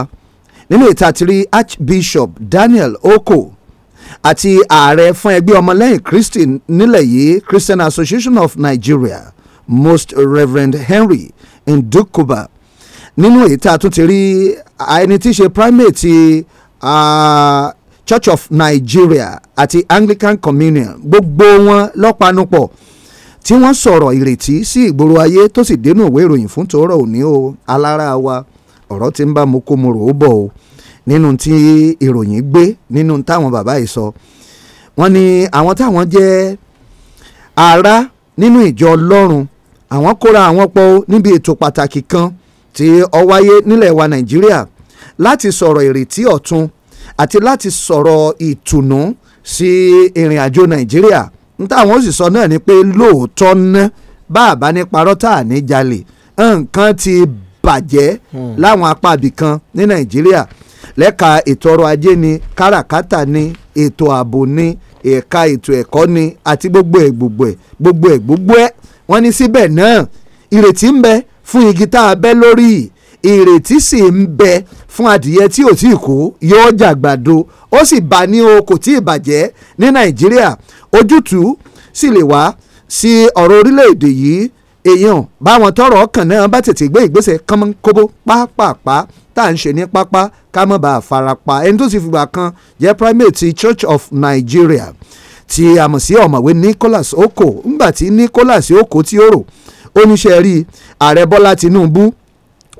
nínú ìtàtírí Archbishop Daniel Oko àti ààrẹ fún ẹgbẹ́ ọmọlẹ́yìn Kristi nílẹ̀ yìí Christian Association of Nigeria Most Reverend Henry Ndukuba nínú ìta tún ti rí ẹni tí í ṣe primate Church of Nigeria àti Anglican Communion gbogbo wọn lọ́panupọ̀ no tí wọ́n sọ̀rọ̀ ìrètí sí ìgboro ayé tó sì dénú ìwé ìròyìn fún tòórọ̀ òní o alára wa ọ̀rọ̀ tí ń bá mo kó mo rò ó bọ̀ o nínú tí ìròyìn gbé nínú táwọn bàbá yìí sọ wọ́n ní àwọn táwọn jẹ́ ará nínú ìjọ ọlọ́run àwọn kóra àwọn pọ̀ níbi ètò pàtàkì kan tí ó wáyé nílẹ̀ wa nàìjíríà láti sọ̀rọ̀ ìrètí ọ̀tun àti láti sọ̀rọ̀ ìtùnú sí ìrìn àjò nàìjíríà n táwọn ó sì sọ náà ni pé lóòótọ́ ná bá a bá ní parọ́ tá a ní jalè nǹkan ti bàjẹ́ hmm. láwọn apá ibìkan ní nàìjíríà lẹ́ka ètò ọrọ̀ ajé ni káràkátà ni ètò ààbò ni ẹ̀ka ètò ẹ̀kọ́ ni àti gbogbo ẹ̀ gbogbo ẹ̀ gbogbo ẹ̀ gbogbo ẹ̀ wọ́n ní síbẹ̀ náà ìrètí ń bẹ fún igi tá a bẹ́ lórí ìrètí sì ń bẹ fún adìyẹ tí ò tí ì kó yóò jàgbàdo ó sì bá ní o kò tí ì bàjẹ́ ní nàìjíríà ojútùú sì lè wá sí ọ̀rọ̀ orílẹ̀-èdè yìí èèyàn báwọn tọrọ ọkàn náà bá tètè gbé ìgbésẹ̀ kọ́mọ́kóbó pápápá tá à ń ṣe ní pápá ká má ẹni tó sì fìgbà kan jẹ́ primate Church of Nigeria tí a mọ̀ ọ̀mọ̀wé Nicholas Oko ńgbà tí Nicholas Oko tí ó rò oníṣẹ́ ààrẹ Bọ́lá Tinubu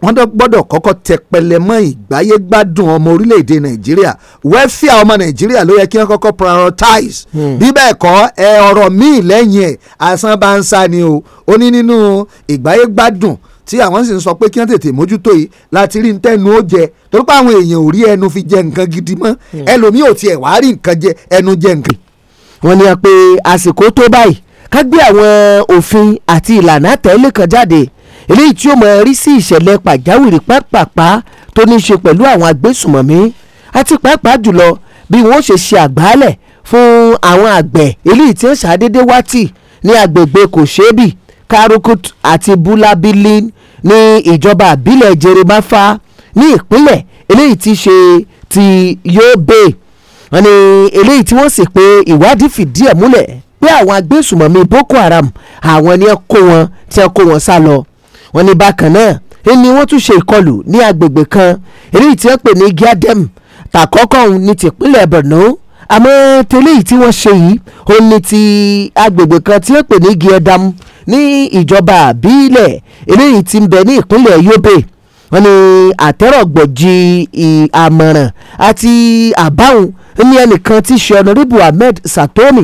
wọ́n gbọ́dọ̀ kọ́kọ́ tẹpẹlẹ mọ́ ìgbáyégbádùn ọmọ orílẹ̀-èdè nàìjíríà wẹ́fíà ọmọ nàìjíríà ló yẹ kí wọ́n kọ́kọ́ prioritize hmm. bí bẹ́ẹ̀ kọ́ ẹ ọ̀rọ̀ míì lẹ́yìn ẹ̀ asán bá ń sa ni o ó ní nínú ìgbáyégbádùn tí àwọn sì ń sọ pé kí wọ́n tètè mójútó yìí láti rí ntẹ́nu ó jẹ torí pé àwọn èèyàn ò rí ẹnu fi jẹ nǹkan gidi mọ́ hmm. ẹlòmíì ò tiẹ̀ eléyìí tí ó mọ̀ rí sí ìṣẹ̀lẹ̀ pàjáwìrì pápápá tó ní í ṣe pẹ̀lú àwọn agbésùmọ̀mí àti pàápàá jùlọ bí wọ́n ṣe ṣe àgbálẹ̀ fún àwọn àgbẹ̀ eléyìí tí ó ṣàdédé wá tì ní agbègbè kòṣébì karukut àti bulabili ní ìjọba àbílẹ̀ jerebafa ní ìpínlẹ̀ eléyìí tí ṣe ti Yobe wọ́n ní eléyìí tí wọ́n sì pé ìwádìí fìdí ẹ̀ múlẹ̀ pé àwọn agbésùmọ̀mí Boko Haram àwọn ni ẹ kó wọn tí ẹ kó wọn sá lọ wọ́n ní bákan náà ni wọ́n tún ṣe ìkọlù ní agbègbè kan èyí tí wọ́n pè ní Giadem tàkọ́kọ́ òun ní tìpínlẹ̀ Borno àmọ́ tẹ́lẹ̀ yìí tí wọ́n ṣe yìí òun ní ti agbègbè kan tí wọ́n pè ní Giadam ní ìjọba àbílẹ̀ eléyìí tí ń bẹ ní ìpínlẹ̀ Yobe wọ́n ní àtẹ́rọ̀gbọ̀jì àmọ̀ràn àti àbáhùn ní ẹnìkan tí ṣe ọ̀nàrìbù Ahmed Satomi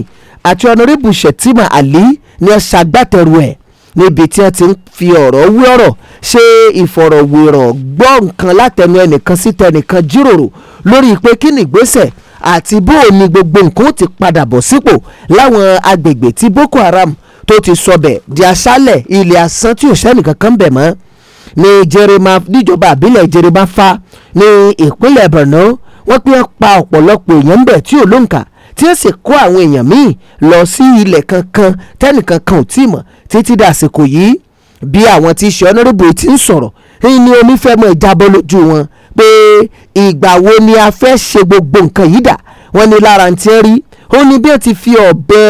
àti ọ̀nàrìbù Shetima Ali ní ẹ̀ṣàgbàtẹ̀rù ẹ̀ níbi tí wọ́n ti ń fi ọ̀rọ̀ wí ọ̀rọ̀ ṣe ìfọ̀rọ̀wérọ̀ gbọ́ nǹkan látẹnu ẹnìkan sí tẹnìkan jíròrò lórí pé kí ni ìgbésẹ̀ àti bó o ní gbogbo nǹkan ó ti padà bọ̀ sípò láwọn agbègbè tí Boko Haram tó ti sọbẹ̀ di aṣálẹ̀ ilẹ̀ asán tí òṣèlú kan bẹ̀ mọ́ ní jerema níjọba àbílẹ̀ jerema fa ní ìpínlẹ̀ Borno wọ́n pé wọ́n pa ọ̀pọ̀lọpọ̀ èèyàn bẹ̀ tí ò lóǹkà tí ó sì kó àwọn èèyàn míì lọ sí ilẹ̀ kankan tẹ́nìkan kan ò tí mọ̀ títí dàsìkò yìí bí àwọn tí ṣe ọ̀nàrẹ́bù ti ń sọ̀rọ̀ ní omi fẹ́ mọ ìjábọ̀ lójú wọn pé ìgbà wo ni a fẹ́ ṣe gbogbo nǹkan yìí dà wọ́n ní lára ti ń rí ó ní bí ó ti fi ọ̀bẹ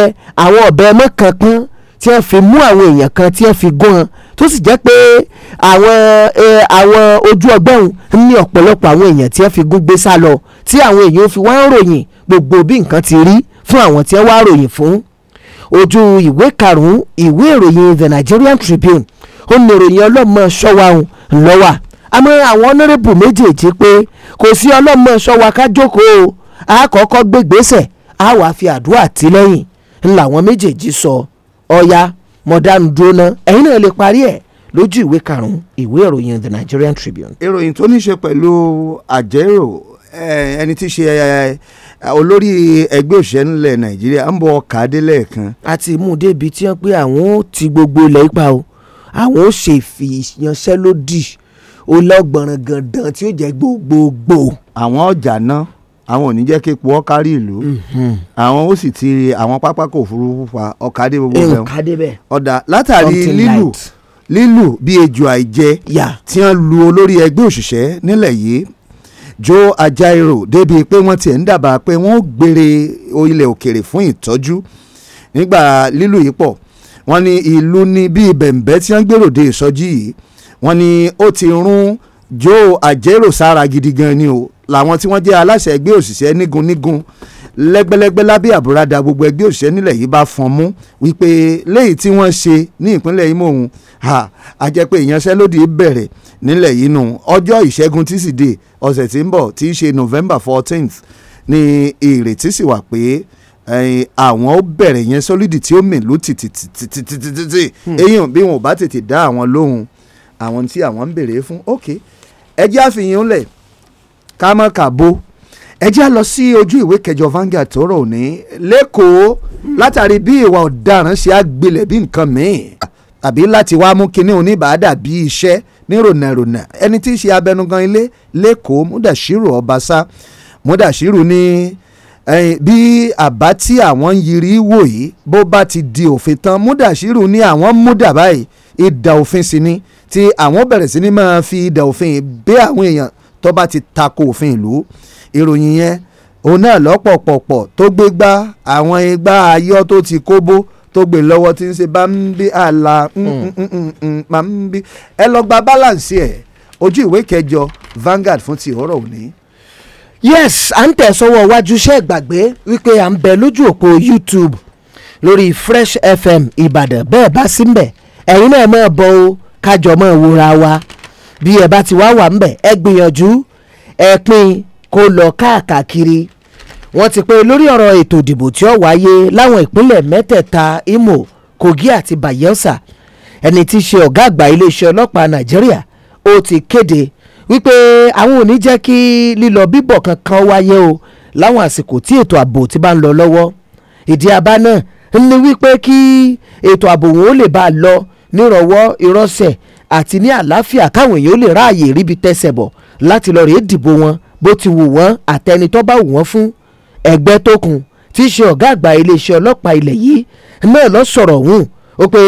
àwọn ọ̀bẹ mọ́kàn pọ́n tí wọ́n fi mú àwọn èèyàn kan tí wọ́n fi gún wọn tó sì jẹ́ pé àwọn àwọn ojú ọgbẹ́ òun ní ọ̀pọ̀lọpọ̀ àwọn èèyàn tí wọ́n fi gún gbé sá lọ tí àwọn èèyàn fi wá ń ròyìn gbogbo bí nǹkan ti rí fún àwọn tí wọ́n wá ròyìn fún ojú ìwé karùn-ún ìwé ìròyìn The Nigerian Tribune ó ní ìròyìn ọlọ́mọ ṣọ́wá òun ńlọ́wà àmọ́ àwọn ọ̀nàrẹ́bù méjèèjì pé kò sí ọlọ́mọ ṣọ́wá kájókòó àkọ́kọ́ gbégbèsè àwa fi àdúrà tì lẹ́yìn ńlá àwọn méjèèjì sọ ọ̀ya. So, mọ̀dánù dúró ná ẹ̀yin náà lè parí ẹ̀ lójú ìwé karùn-ún ìwé ìròyìn the Nigerian Tribune. ìròyìn tó ní ṣe pẹ̀lú àjẹrò ẹni tí í ṣe olórí ẹgbẹ́ òṣìṣẹ́ nílẹ̀ Nàìjíríà ń bọ̀ kàdé lẹ́ẹ̀kan. a ti mú un débi tí wọ́n pé àwọn ó ti gbogbo ilẹ̀ ipa o àwọn ó ṣe ìfìyànṣẹ́lódì ó lọ́gbọ̀nràn gandan tí ó jẹ́ gbogbogbò. àwọn ọjà náà àwọn ò ní jẹ́ képo ọ̀kárí ìlú mhm. àwọn ó sì ti àwọn pápákọ̀ òfurufú pa ọ̀kadé gbogbo bẹ́ẹ̀ ọ̀dà látàrí lílù lílù bí ejò àìjẹ tí wọ́n lu olórí ẹgbẹ́ òṣìṣẹ́ nílẹ̀ yìí Joe Ajaero débi pé wọ́n tiẹ̀ ń dábàá pé wọ́n ó gbére ilẹ̀ òkèrè fún ìtọ́jú nígbà lílù yìí pọ̀ wọ́n ní ìlú ní bíi bẹ̀m̀bẹ́ tí wọ́n gbèrò de ìsọjí yìí wọ́n ní ó ti rún Joe Ajaero sára gidi gan ni o làwọn tí wọ́n jẹ́ aláṣẹ ẹgbẹ́ òṣìṣẹ́ nígun nígun lẹ́gbẹ́lẹ́gbẹ́ lábẹ́ àbúradà gbogbo ẹgbẹ́ òṣìṣẹ́ nílẹ̀ yìí bá fọn mú wípé léyìí tí wọ́n ṣe ní ìpínlẹ̀ Imo òun a jẹ́ pé ìyanṣẹ́lódì bẹ̀rẹ̀ nílẹ̀ yìí nù ọjọ́ ìṣẹ́gun tísídẹ̀ẹ́ ọ̀sẹ̀ tí ń bọ̀ tí í ṣe November fourteenth ni ìrètí sì wà pé àwọn ó bẹ̀rẹ̀ yẹn sólídì tí ó mèlú tìtìtìtìtìtì hmm. eyín bí wọn ò bá tètè dá àwọn lóhùn àwọn tí àwọn ń béèrè fún ok ẹ jẹ́ àfihàn lẹ̀ kámọ́ kàbó ẹ jẹ́ lọ sí ojú ìwé kẹjọ Vanguard tó rọ̀ òní lẹ́kọ̀ọ́ látàrí bí ìwà ọ̀daràn ṣe àgbélẹ̀ bí nǹkan mìíràn àbí láti wá mú kinní oníbàádà bí iṣẹ́ ní rònàrònà ẹni tí í ṣe abẹnugan ilé lẹ́kọ̀ọ́ Múdàṣírù Ọbaṣá Múdàṣírù ní bí àbá tí àwọn ń yiri wò yìí bó bá ti di òfin tán Múdàṣírù ní àwọn múdà báyìí ìdà òfin sí ni tí àwọn bẹ̀rẹ̀ sí ni máa fi ìdà òfin bẹ́ àwọn èèyàn tó bá ti tako òfin ìlú ìròyìn yẹn òun náà lọ́pọ̀pọ̀pọ̀ tó gbé gbá àwọn igbá ayọ́ tó ti kóbó tó gbé lọ́wọ́ tí ń ṣe bá àlà máa ẹ lọ gba balance ẹ̀ ojú ìwé kẹjọ Vanguard fún ti ọ̀rọ̀ òní. yes à ń tẹ̀sọ́wọ́ iwájú iṣẹ́ ìgbàgbé wípé à ń bẹ lójú òpó YouTube lórí Fresh FM Ìbàdàn bẹ́ẹ̀ bá síbẹ̀ ẹ̀yin náà máa bọ̀ o kájọ máa wòra wa. bí ẹ bá ti wá wà ń bẹ̀ ẹ gbìyànjú ẹ pín kó lọ káàkiri wọ́n ti pé lórí ọ̀rọ̀ ètò ìdìbò tí ó wáyé láwọn ìpínlẹ̀ Imo Kogi àti Bayelsa ẹni tí í ṣe ọ̀gá àgbà iléeṣẹ́ ọlọ́pàá Nàìjíríà ó ti kéde wípé àwọn ò ní kankan wáyé o láwọn àsìkò tí ètò ààbò ti bá ń lọ ìdí abá náà ń ní wípé kí ètò ààbò wọn ó àti ní àlàáfíà káwọn èèyàn ó lè ráàyè ríbi tẹsẹ̀ bọ̀ láti lọ rèé dìbò wọn bó ti wù wọ́n àtẹni tó bá wù wọ́n fún ẹgbẹ́ tó kù tí í ṣe ọ̀gá àgbà iléeṣẹ́ ọlọ́pàá ilẹ̀ yìí náà lọ sọ̀rọ̀ ọ̀hún ó pé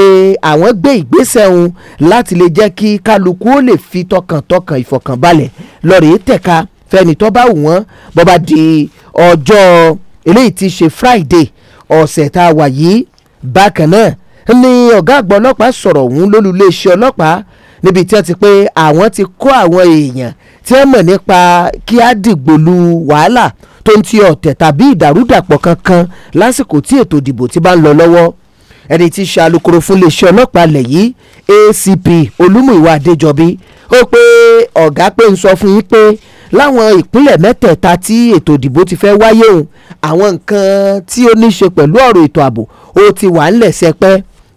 àwọn gbé ìgbésẹ̀ ọ̀hún láti lè jẹ́ kí kálukú ó lè fi tọkàntọkàn ìfọ̀kànbalẹ̀ lọ rèé tẹ̀ka fẹ́ni tó bá wù wọ́n bó di ọjọ́ eléyìí ti ṣe Friday ọ̀sẹ̀ tá a wà yìí bákan náà ni ọ̀gá àgbà ọlọ́pàá sọ̀rọ̀ ọ̀hún lólùléeṣẹ́ ọlọ́pàá níbi tí wọ́n ti pé àwọn ti kó àwọn èèyàn tí wọ́n mọ̀ nípa kí á dìgbòlu wàhálà tó ń ti ọ̀tẹ̀ tàbí ìdàrúdàpọ̀ kankan lásìkò tí ètò ìdìbò ti bá ń lọ lọ́wọ́ ẹni tí í fún iléeṣẹ́ ọlọ́pàá ilẹ̀ yìí ACP Olúmúyìwá Adéjọbí ó pé ọ̀gá pé ń sọ fún yín pé láwọn ìpínlẹ̀ mẹ́tẹ̀ẹ̀ta tí ètò ìdìbò ti fẹ́ wáyé òun àwọn nǹkan tí ó ní í ṣe pẹ̀lú ọ̀rọ̀ ètò ààbò ó ti wà ńlẹ̀ sẹpẹ́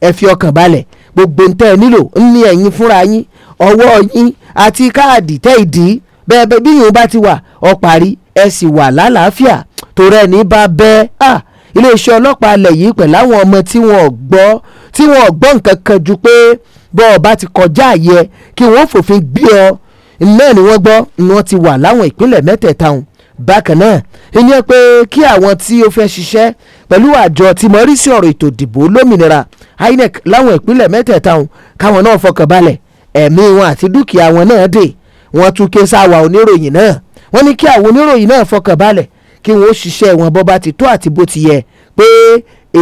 ẹ fi ọkàn balẹ̀ gbogbo ń tẹ́ ẹ nílò ń ní ẹ̀yin fúnra yín ọwọ́ yín àti káàdì tẹ́ ìdí bẹ́ẹ̀ bí yìnyín bá ti wà ọ parí ẹ sì wà lálàáfíà torí ẹni bá bẹ́ẹ̀ à iléeṣẹ́ ọlọ́pàá alẹ̀ yìí pẹ̀lú àwọn ọmọ tí wọ́n gbọ́ tí wọ́n gbọ́ nǹkan kan ju pé bọ́ ọ ti kọjá àyẹ kí wọ́n fòfin gbé ọ náà ni wọ́n gbọ́ ni wọ́n ti wà láwọn ìpínlẹ̀ mẹ́tẹ̀ẹ̀ta wọn bákan náà ìyẹn pé kí àwọn tí ó fẹ́ ṣiṣẹ́ pẹ̀lú àjọ tí mo rí sí ọ̀rọ̀ ètò ìdìbò lómìnira INEC láwọn ìpínlẹ̀ mẹ́tẹ̀ẹ̀ta ọ̀hún káwọn náà fọkàn balẹ̀ ẹ̀mí wọn àti dúkìá wọn náà dè wọ́n tún ké sáwà oníròyìn náà wọ́n ní kí àwọn oníròyìn náà fọkàn balẹ̀ kí wọ́n ó ṣiṣẹ́ wọn bọ́ bá ti tó àti bó ti yẹ pé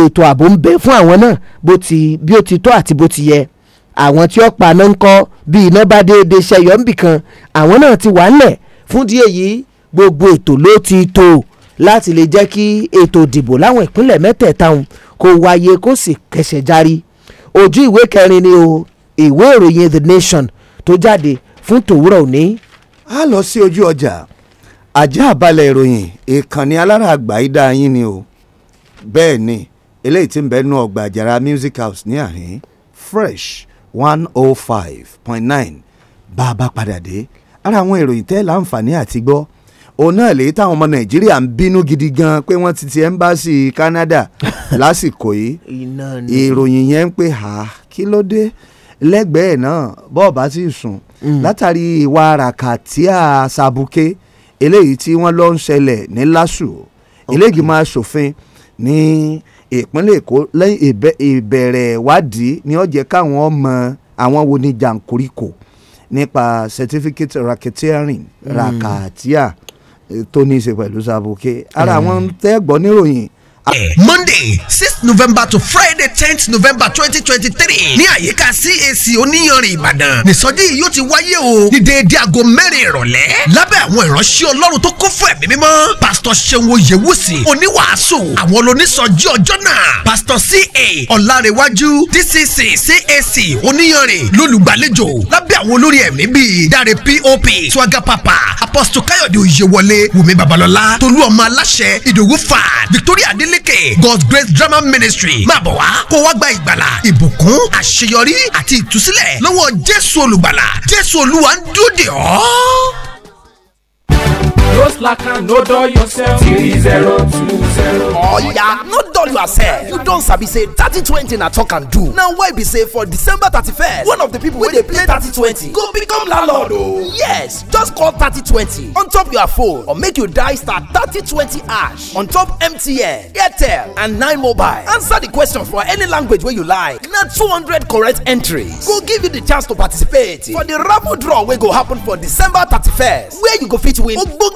ètò ààbò ń bẹ fún àwọn náà bí ó ti tó àti bó ti yẹ àwọn tí ó paná ń kọ́ bí iná bá déédéé ṣẹyọ ń bìkan àwọn náà ti wà ń lẹ̀ fún díẹ̀ yìí gbogbo ètò ló ti tò láti lè jẹ́ kí ètò ìdìbò láwọn ìpínlẹ̀ mẹ́tẹ̀ẹ̀ta òun kó wáyé kó sì kẹsẹ̀ járí ojú ìwé kẹrin ni o ìwé ìròyìn The Nation tó jáde fún tòwúrọ̀ òní. a lọ sí ojú ọjà ajá àbálẹ̀ ìròyìn ìkànnì alára àgbáyídá yín ni o bẹ́ẹ̀ ni eléyìí tí ń bẹ nú ọgbà àjàrà music house ní àhín fresh one oh five point nine bá a bá padà dé ara àwọn ìròyìn tẹ́ láǹfààní àti gbọ́ òun náà lè táwọn ọmọ nàìjíríà ń bínú gidi gan pé wọ́n ti ti ẹ́mbáàsì Canada lásìkò yìí ìròyìn yẹn ń pè ha kí ló dé lẹ́gbẹ̀ẹ́ náà bọ́ọ̀bá sì sùn mm. látàrí ìwà ràkàtíà sàbùkẹ́ eléyìí tí wọ́n lọ ń ṣẹlẹ̀ ní LASU ilégbìmọ̀ asòfin ní ìpínlẹ̀ Èkó lẹ́yìn ìbẹ̀rẹ̀ ìwádìí ni ó jẹ́ káwọn ọmọ àwọn wo ni jàǹkóríkò nípa certificate racketeering rakatia. Mm tó ní í ṣe pẹ̀lú sàbòkè ara àwọn tẹ́ gbọ́ níròyìn monday six november to friday tenth november twenty twenty three ní àyíká cac oníyanrìn ìbàdàn nìsọjí yìí yóò ti wáyé o ní déédéé aago mẹ́rin ìrọ̀lẹ́ lábẹ́ àwọn ìránṣẹ́ ọlọ́run tó kún fún ẹ̀mí mímọ́ pásítọ̀ ṣeun oyèwùsì oníwàásù àwọn olónísọjí ọjọ́ náà pásítọ̀ ca ọ̀làrẹ̀wájú dcc cac oníyanrìn lólùgbàlejò lábẹ́ àwọn olórí ẹ̀mí bíi dáre pop swaga papa apostle káyọ̀dé oyèwọlé wùmí babalọ́lá tolú ọmọ aláṣẹ ìdòwú fà victoria adélé adeleke God's Grace Drama Ministry máa bọ̀ wá kó wá gba ìgbàlà ìbùkún àṣeyọrí àti ìtúsílẹ̀ lọ́wọ́ Jésù olùgbàlà Jésù olúwa ń dúdè ọ́. No slack and no dull yourself. Three zero two zero. Oh yeah, no dull yourself. You don sabi say thirty twenty na talk and do. Now why be say for December thirty first, one of the people wey dey play thirty twenty go become landlord o. Oh? Yes, just call thirty twenty on top your phone or make you die star thirty twenty ash on top MTN, Airtel and Nine Mobile. Answer the question for any language wey you like. Na two hundred correct entries go give you the chance to participate for the raffle draw wey go happen for December thirty first, where you go fit win ogbonge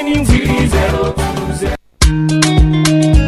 winning 3 0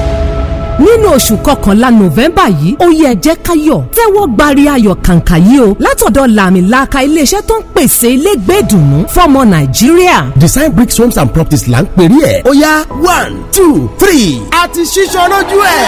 nínú oṣù kọkànlá november yìí ó yẹ jẹ́ káyọ̀ tẹ́wọ́ gbari ayọ̀ kàǹkà yìí o látọ̀dọ̀ làmìlaka iléeṣẹ́ tó ń pèsè ilégbè ìdùnnú fọmọ nàìjíríà. design bricks homes and properties là ń pèrè ẹ̀ ó one two three àti ṣíṣọ́ lójú ẹ̀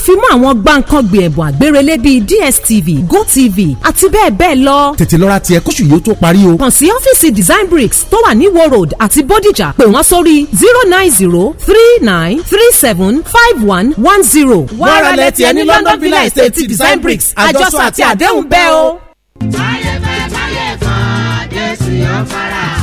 wọ́n fi mọ́ àwọn gbàǹkangbè ẹ̀bùn àgbérelé bíi DSTV GoTV àti bẹ́ẹ̀ bẹ́ẹ̀ lọ. tètè lọ́ra tiẹ̀ kóṣù yìí ó tó parí o. kàn sí ọ́fíìsì Design Bricks tó wà ní Iwo Road àti bodija. pè wọ́n sórí zero nine zero three nine three seven five one one zero. wàrà lẹ́tì ẹni London Villa Estate Design Bricks àjọṣọ àti àdéhùn bẹ́ẹ̀ o. báyẹ̀ fẹ́ báyẹ̀ kan Jésù yóò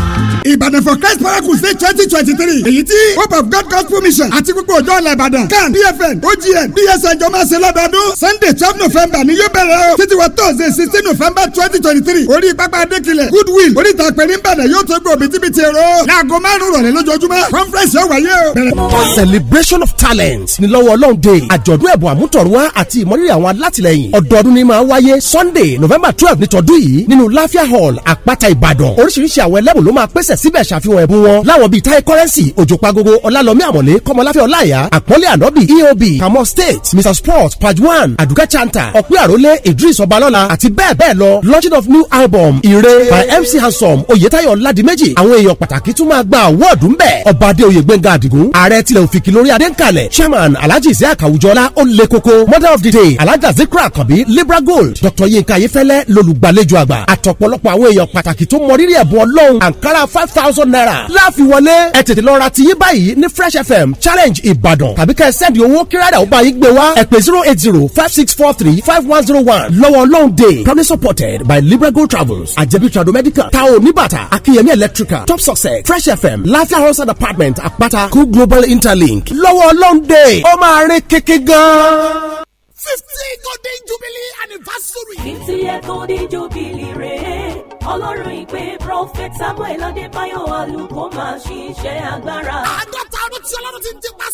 ìbàdàn for christ paragus ní twenty twenty three èyí tí hope of god gospel mission àti gbogbo òjò ọ̀la ìbàdàn can BFN ogn bsn jọ máa ṣe lọ́dọọdún sunday twelve november ni yóò bẹ̀rẹ̀ o títí wọ thursday sixteen november twenty twenty three orí pápá adékilẹ̀ goodwill oríta pẹ̀lú ìbàdàn yóò tó gbé òbítíbitì ero. láago márùn-ún rọ̀lẹ́ lójoojúmọ́ conference yóò wáyé o. celebration of talent ni lọ́wọ́ long day. àjọ̀dún ẹ̀bùn àmútọ̀rùwá àti ìmọ̀rírì àwọn alátìlẹyìn ọdọọdún ni máa wáyé sunday november twelve nítọ́dún yìí nínú láfíà hall àpáta ìbàdàn oríṣiríṣi àwọn ẹlẹ́bùn ló máa síbẹ̀síbẹ̀ ṣàfihàn ẹ̀bùn wọn láwọn bíi tai currency òjòpagogo ọlálọ́mí àmọ̀lé kọ́mọláfẹ́ ọláìyá àpọ́nlé ànọ́bì eob kamo state mr sports one aduke chanta ọ̀pẹ́ àrólé idris ọbalọ́la àti bẹ́ẹ̀ bẹ́ẹ̀ lọ launching of new album ire by mc handsome oyetayo ladimeji àwọn èèyàn pàtàkì tún máa gba àwọ́ọ̀dù ńbẹ̀ ọba adéoyè gbẹ̀ngà àdìgún ààrẹ tilẹ̀ òfìkì lórí adéǹkalẹ̀ chairman alhaji isiaq àwùjọlá ó le koko mother of the day alhaja zikra àkànbí libra gold dr yinka ayefẹ́lẹ́ lolùgbàlejò àgbà àtọ̀pọ̀lọpọ̀ àwọn èèyàn pàtàkì tó mọrírì ẹ̀bùn ọlọ́run ankara five five thousand naira láàfi wọlé ẹ tètè lọ ra tiyín báyìí ní fresh fm challenge ìbàdàn tàbí ká ẹ sẹ́ndì owó kírádà ó bá yín gbé wá ẹ pè zero eight zero five six four three five one zero one lọ́wọ́ long day proudly supported by Liberago travels àjẹbí trado medical tao níbàtà Akiyemi electrical top success fresh fm láfíà house and apartment àpáta cool global interlink lọ́wọ́ long day ó máa rin kéke gan. fifty golden jubilee anniversary. fifty year golden jubilee rẹ̀ ọlọ́run ìpè prọfẹ̀tà Samuel Adébáyọ̀ Àlùkò máa ṣiṣẹ́ agbára. àádọ́ta ọdún tí ọlọ́run ti ń dípa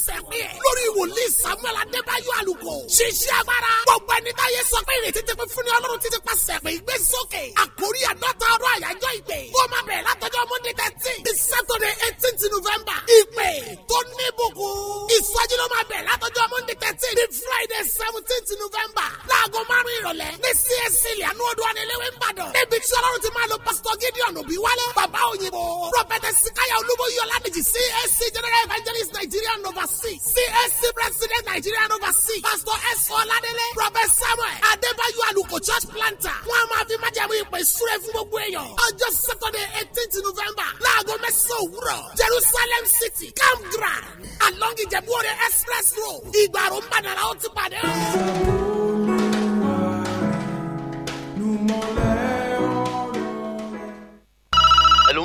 wòlíì wòlíì samuel adébáyọ̀ àlùkò ṣiṣẹ́ agbára gbogbo ẹni táyé sọ pé ìrètí ti pín fún ni ọlọ́run ti ti pa sẹ̀pẹ̀ ìgbé sókè àkórí àdọ́ta ọ̀rọ̀ àyájọ́ ìpè kó o máa bẹ̀rẹ̀ látọjọ́ monday thirteen ní saturday eighteen ti november ìpè tó ní ìbùkún ìsọjí ló máa bẹ̀rẹ̀ látọjọ́ monday thirteen ní friday seventeen ti november láago márùn-ún ìrọ̀lẹ́ ní csc lẹ́nu odò aníléwé ńbàdàn níbi tí ọlọ́run ti máa lo pastor gideon òbí wálé bàbá òyìnbó prọfẹtẹ sikaya olúbóyọlá nìjì csc general evangelist nigeria nova c csc CAC president Nigerian overseas. pastor S. Ọládélé prophet Samuel Adébáyọ̀ Aluko church planter wọn a máa fi májàmú ìpè súré fún gbogbo èèyàn ọjọ́ Saturday eighteenth November láago mẹ́sàn-án òwúrọ̀ Jerusalem city campground along Ìjẹ̀bú-Òde express road ìgbàrún Ìbàdàn làwọn ti pàdé.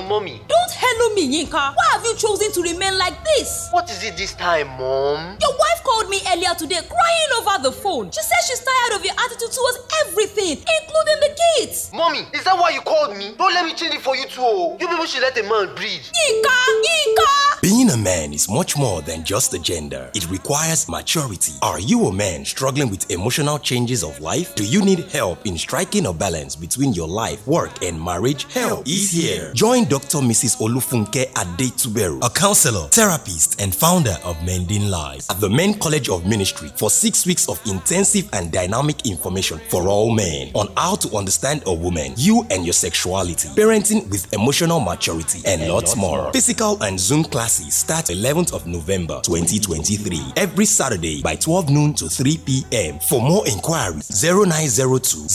mommy. Don't hello me, Yinka. Why have you chosen to remain like this? What is it this time, mom? Your wife called me earlier today crying over the phone. She says she's tired of your attitude towards everything, including the kids. Mommy, is that why you called me? Don't let me change it for you too. Oh. You people should let a man breathe. Yinka, Yinka! Being a man is much more than just a gender. It requires maturity. Are you a man struggling with emotional changes of life? Do you need help in striking a balance between your life, work, and marriage? Help is here. Join Dr. Dr. Mrs. Olufunke Adetuberu, a counselor, therapist, and founder of Mending Lives at the Men College of Ministry for six weeks of intensive and dynamic information for all men on how to understand a woman, you and your sexuality, parenting with emotional maturity, and, and lots more. more. Physical and Zoom classes start 11th of November 2023 every Saturday by 12 noon to 3 p.m. For more inquiries, 0902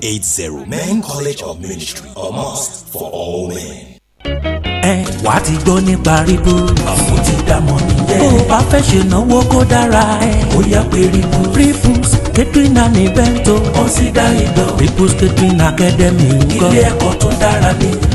010 Men College of Ministry, a must for all men. ẹ wà á ti gbọ́ nípa Rìbú. àwọn ti dámọ̀ nìyẹn. bó o bá fẹ́ ṣe náwó kó dára ẹ. ó yá pé Rìbú. Rìbú's catering and event o. consider it o. Rìbú's catering academy ń kọ́. ilé ẹ̀kọ́ tó dára ni.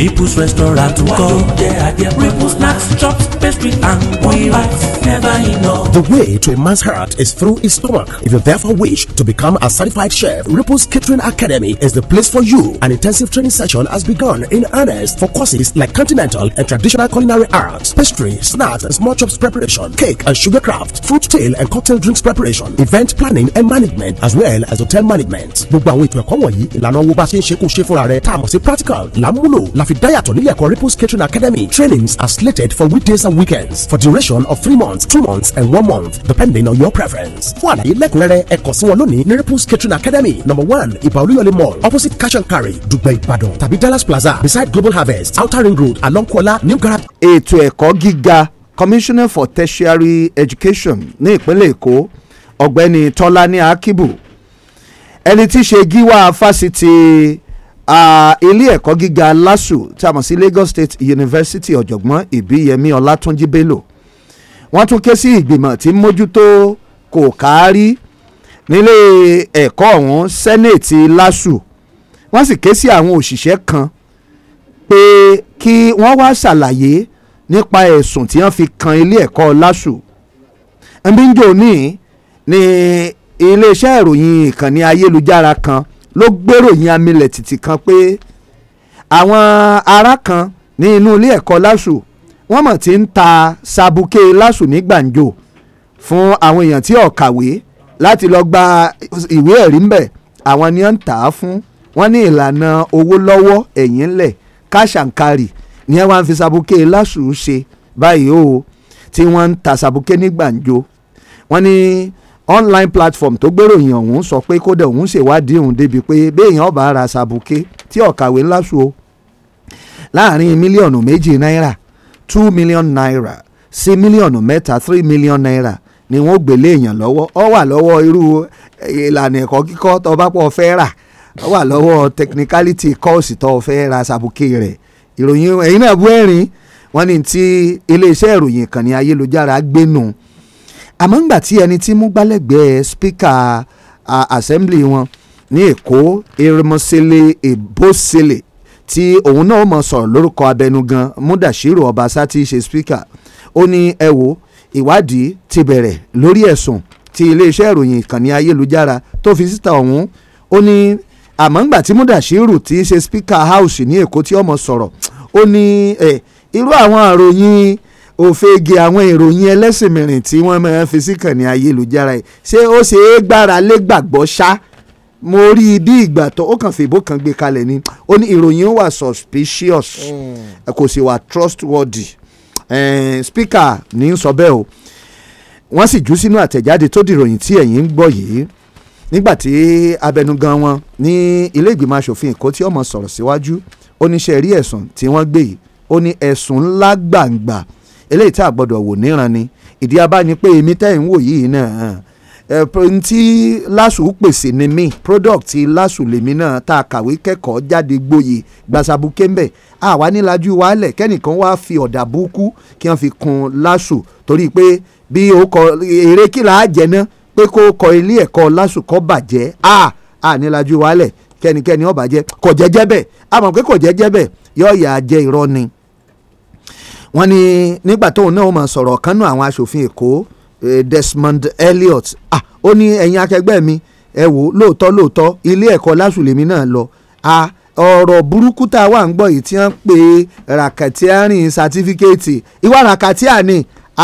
People's Restaurant ńkọ́. Ripple snacks, chops, pastry and quirat never enough. The way to a man's heart is through his stomach. If you therefore wish to become a certified chef, Ripple's Catering Academy is the place for you. An intensive training session has begun in earnest for courses like continental and traditional culinary arts, pastry, snacks and small chops preparation, cake and sugar craft, fruit tail and cocktail drinks preparation, event planning and management, as well as hotel management. Gbogbo àwọn ètò ẹ̀kọ́ wọ̀nyí ìlànà owó bá ṣe ń ṣe kó ṣe fúnra rẹ̀ tá a mọ̀ sí practical làmúlò la fi dáyàtọ̀ nílé ẹ̀kọ́ ripples catering academy trainings are slated for weekdays and weekends for duration of three months two months and one month depending on your preference. fún àlàyé lẹ́kùnrẹ́rẹ́ ẹ kàn sí wọn lónìí ní ripples catering academy number one ìbá mall opposite cash and carry dùgbẹ́ ìbàdàn tàbí dallas plaza beside global harvest outer ring road along kuala new garage. ètò ẹ̀kọ́ gíga commissioner for tertiary education ní ìpínlẹ̀ èkó ọ̀gbẹ́ni tọ́lání akíbù ẹni tí í ṣe gíwá fásitì ilé ẹ̀kọ́ gíga LASU tí a mọ̀ sí Lagos State University ọ̀jọ̀gbọ́n Ìbíyẹmí Ọlátúnjí Bello wọ́n tún ké sí ìgbìmọ̀ tí mójútó kò káárí nílé ẹ̀kọ́ ọ̀hún sẹ́nẹ̀tì LASU wọ́n sì ké sí àwọn òṣìṣẹ́ kan pé kí wọ́n wá ṣàlàyé nípa ẹ̀sùn tí wọ́n fi kan ilé ẹ̀kọ́ LASU ẹ̀mí ń jò ní ní iléeṣẹ́ ìròyìn ìkànnì ayélujára kan ló gbéròyìn amilẹ̀ tìtì kan pé àwọn ará kan ní inú ilé ẹ̀kọ́ LASU wọ́n mọ̀ tí ń ta sabuke LASU ní gbàǹjo fún àwọn èèyàn tí ò kàwé láti lọ gba ìwé ẹ̀rí ńbẹ̀ àwọn ni wọ́n ń tà á fún wọ́n ní ìlànà owó lọ́wọ́ ẹ̀yìn ńlẹ̀ cash ni wọ́n wá fi sabuke LASU ṣe báyìí o tí wọ́n ń ta sabuke ní gbàǹjo wọ́n ní online platform tó gbéròyìn ọ̀hún sọ pé kódà òun ṣèwádìí òun débi pé béèyàn ọba ara sàbùké tí ọ̀kàwé ńláṣu o láàrin mílíọ̀nù méjì náírà two million naira sí mílíọ̀nù mẹ́ta three million naira ni wọ́n gbélé èèyàn lọ́wọ́ ọ wà lọ́wọ́ irú eh, ìlànà ẹ̀kọ́ kíkọ́ tó bá pọ̀ fẹ́ rà ọ wà lọ́wọ́ technicality course tó fẹ́ ra sàbùké rẹ̀ ìròyìn ẹ̀yin náà bú ẹ̀rín wọ́n ní ti iléeṣẹ́ ìròyìn ìkànnì ayélujára gbénu àmọ́ ńgbà tí ẹni tí mú gbálẹ́gbẹ̀ẹ́ spíkà assembly wọn ní èkó erémọ́sẹ́lẹ̀ ìbọ́sẹ̀lẹ̀ tí òun náà mọ̀ sọ̀rọ̀ lórúkọ abẹnugan múdàṣírò ọbaṣá tí í ṣe spíkà ó ní ẹ wo ìwádìí ti bẹ̀rẹ̀ lórí ẹ̀sùn tí iléeṣẹ́ ìròyìn ìkànnì ayélujára tó fi síta ọ̀hún ó ní àmọ́ ńgbà tí múdàṣírù tí ṣe spíkà house ní èkó tí ọmọ sọ̀rọ̀ ó ní irú àwọn àròyìn òfegè àwọn ìròyìn ẹlẹ́sìn mìíràn tí wọ́n máa ń fi síkàn ní ayélujára yìí ṣé ó ṣe é gbára lé gbàgbọ́ ṣá mo rí i bí ìgbà tó ó kàn fèbó kan gbé kalẹ̀ ni ó ní ìròyìn wà suspicious hmm. kò sì wà trustworthy speaker ní sọ bẹ́ẹ̀ o wọ́n sì jù sínú àtẹ̀jáde tó dìròyìn tí ẹ̀yin ń gbọ́ yìí nígbàtí abẹnugan wọn ní ilé ìgbìmọ̀ asòfin èkó tí ọmọ sọ̀rọ̀ síwájú ó ní ṣe rí ẹ̀sùn tí wọ́n gbé yìí ó ní ẹ̀sùn ńlá gbàǹgbà eléyìí tá a gbọ́dọ̀ wò níran ni ìdí abá ni pé èmi tẹ́ ń wò yìí náà ntí LASU pèsè ni mí product LASU lèmi náà tá a kàwé kẹ́kọ̀ọ́ jáde gboyè gbasabu kéńbẹ̀ àwa nílajú wàhálẹ̀ kẹ́nìkan wá fi ọ̀dà búkú kí wọ́n fi kun LASU torí pé bí o kọ eré kí là á jẹ ná pé kó kọ ilé ẹ̀kọ́ LASU kọ́ bàjẹ́ a a nílajú wàhálẹ̀ kẹ́nikẹ́ni ọ̀bàjẹ́ kò jẹ́jẹ́ bẹ́ẹ̀ àmọ́ pé kò jẹ́jẹ́ bẹ́ẹ̀ yọ̀ọ̀yà jẹ́ irọ́ ni wọ́n ní nígbà tóun náà ó máa sọ̀rọ̀ kánú àwọn aṣòfin èkó eh, Desmond Elliot ah ó ní ẹ̀yin akẹgbẹ́ mi ẹ wò lóòótọ́ lóòótọ́ ilé ẹ̀kọ́ lásùlẹ̀mí náà lọ ah ọ̀rọ̀ burúkú tá a wà ń gbọ́ yìí tí wọ́n ń pè ràkàtíárìn sátífíkẹ́ẹ̀tì ìwà ni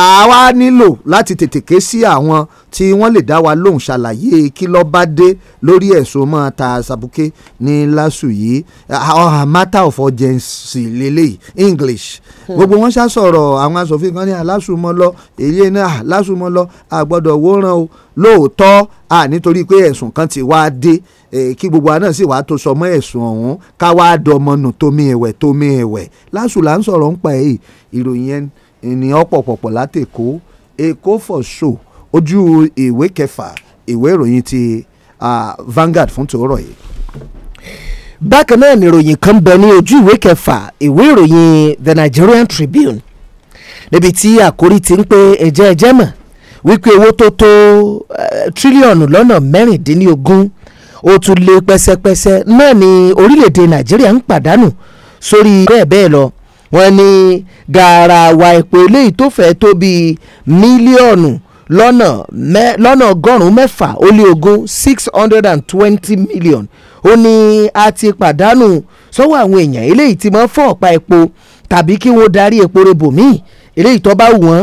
àwa nílò láti tètè ké sí àwọn tí wọ́n lè dá wa lóhùn ṣàlàyé kí ló bá dé lórí ẹ̀sùn mọ́ ta sàbùké ní lásù yìí matter of urgency lélẹ́yìí English hmm. gbogbo wọn ṣá sọ̀rọ̀ àwọn asòfin kan ní aláṣùmọ́ lọ èyí náà aláṣùmọ́ lọ àgbọ́dọ̀ wòran o lóòótọ́ à nítorí pé ẹ̀sùn kan ti wá dé kí gbogbo àná sì wá tó sọmọ ẹ̀sùn ọ̀hún ká wá dọmọnù tómi ẹ̀wẹ̀ tómi ẹ̀wẹ̀ lásù là ń sọ̀rọ̀ ń ènìyàn pọ̀pọ̀pọ̀ látèkó èkó for show ojú ìwé kẹfà ìwé ìròyìn ti Vanguard fún tòórọ̀ yìí bákan náà nìròyìn kan bẹ ní ojú ìwé kẹfà ìwé ìròyìn the Nigerian Tribune níbi tí àkórí ti ń pé ẹ̀jẹ̀ ẹ̀jẹ̀ mọ̀ wípé owó tó tó tírílíọ̀nù lọ́nà mẹ́rìndínlógún ó tún lé pẹ́sẹ́pẹ́sẹ́ náà ni orílẹ̀-èdè Nàìjíríà ń pàdánù sórí bẹ́ẹ̀ bẹ́ẹ̀ lọ wọ́n ní gàràwà epo eléyìí tó fẹ́ tó bíi mílíọ̀nù lọ́nà ọgọ́rùn-ún mẹ́fà ó lé ogún six hundred and twenty million ó ní a ti pàdánù sọ́wọ́ àwọn èèyàn eléyìí tí máa ń fọ́ ọ̀pá epo tàbí kí wọ́n darí epo rebo míì eléyìí tó bá wù wọ́n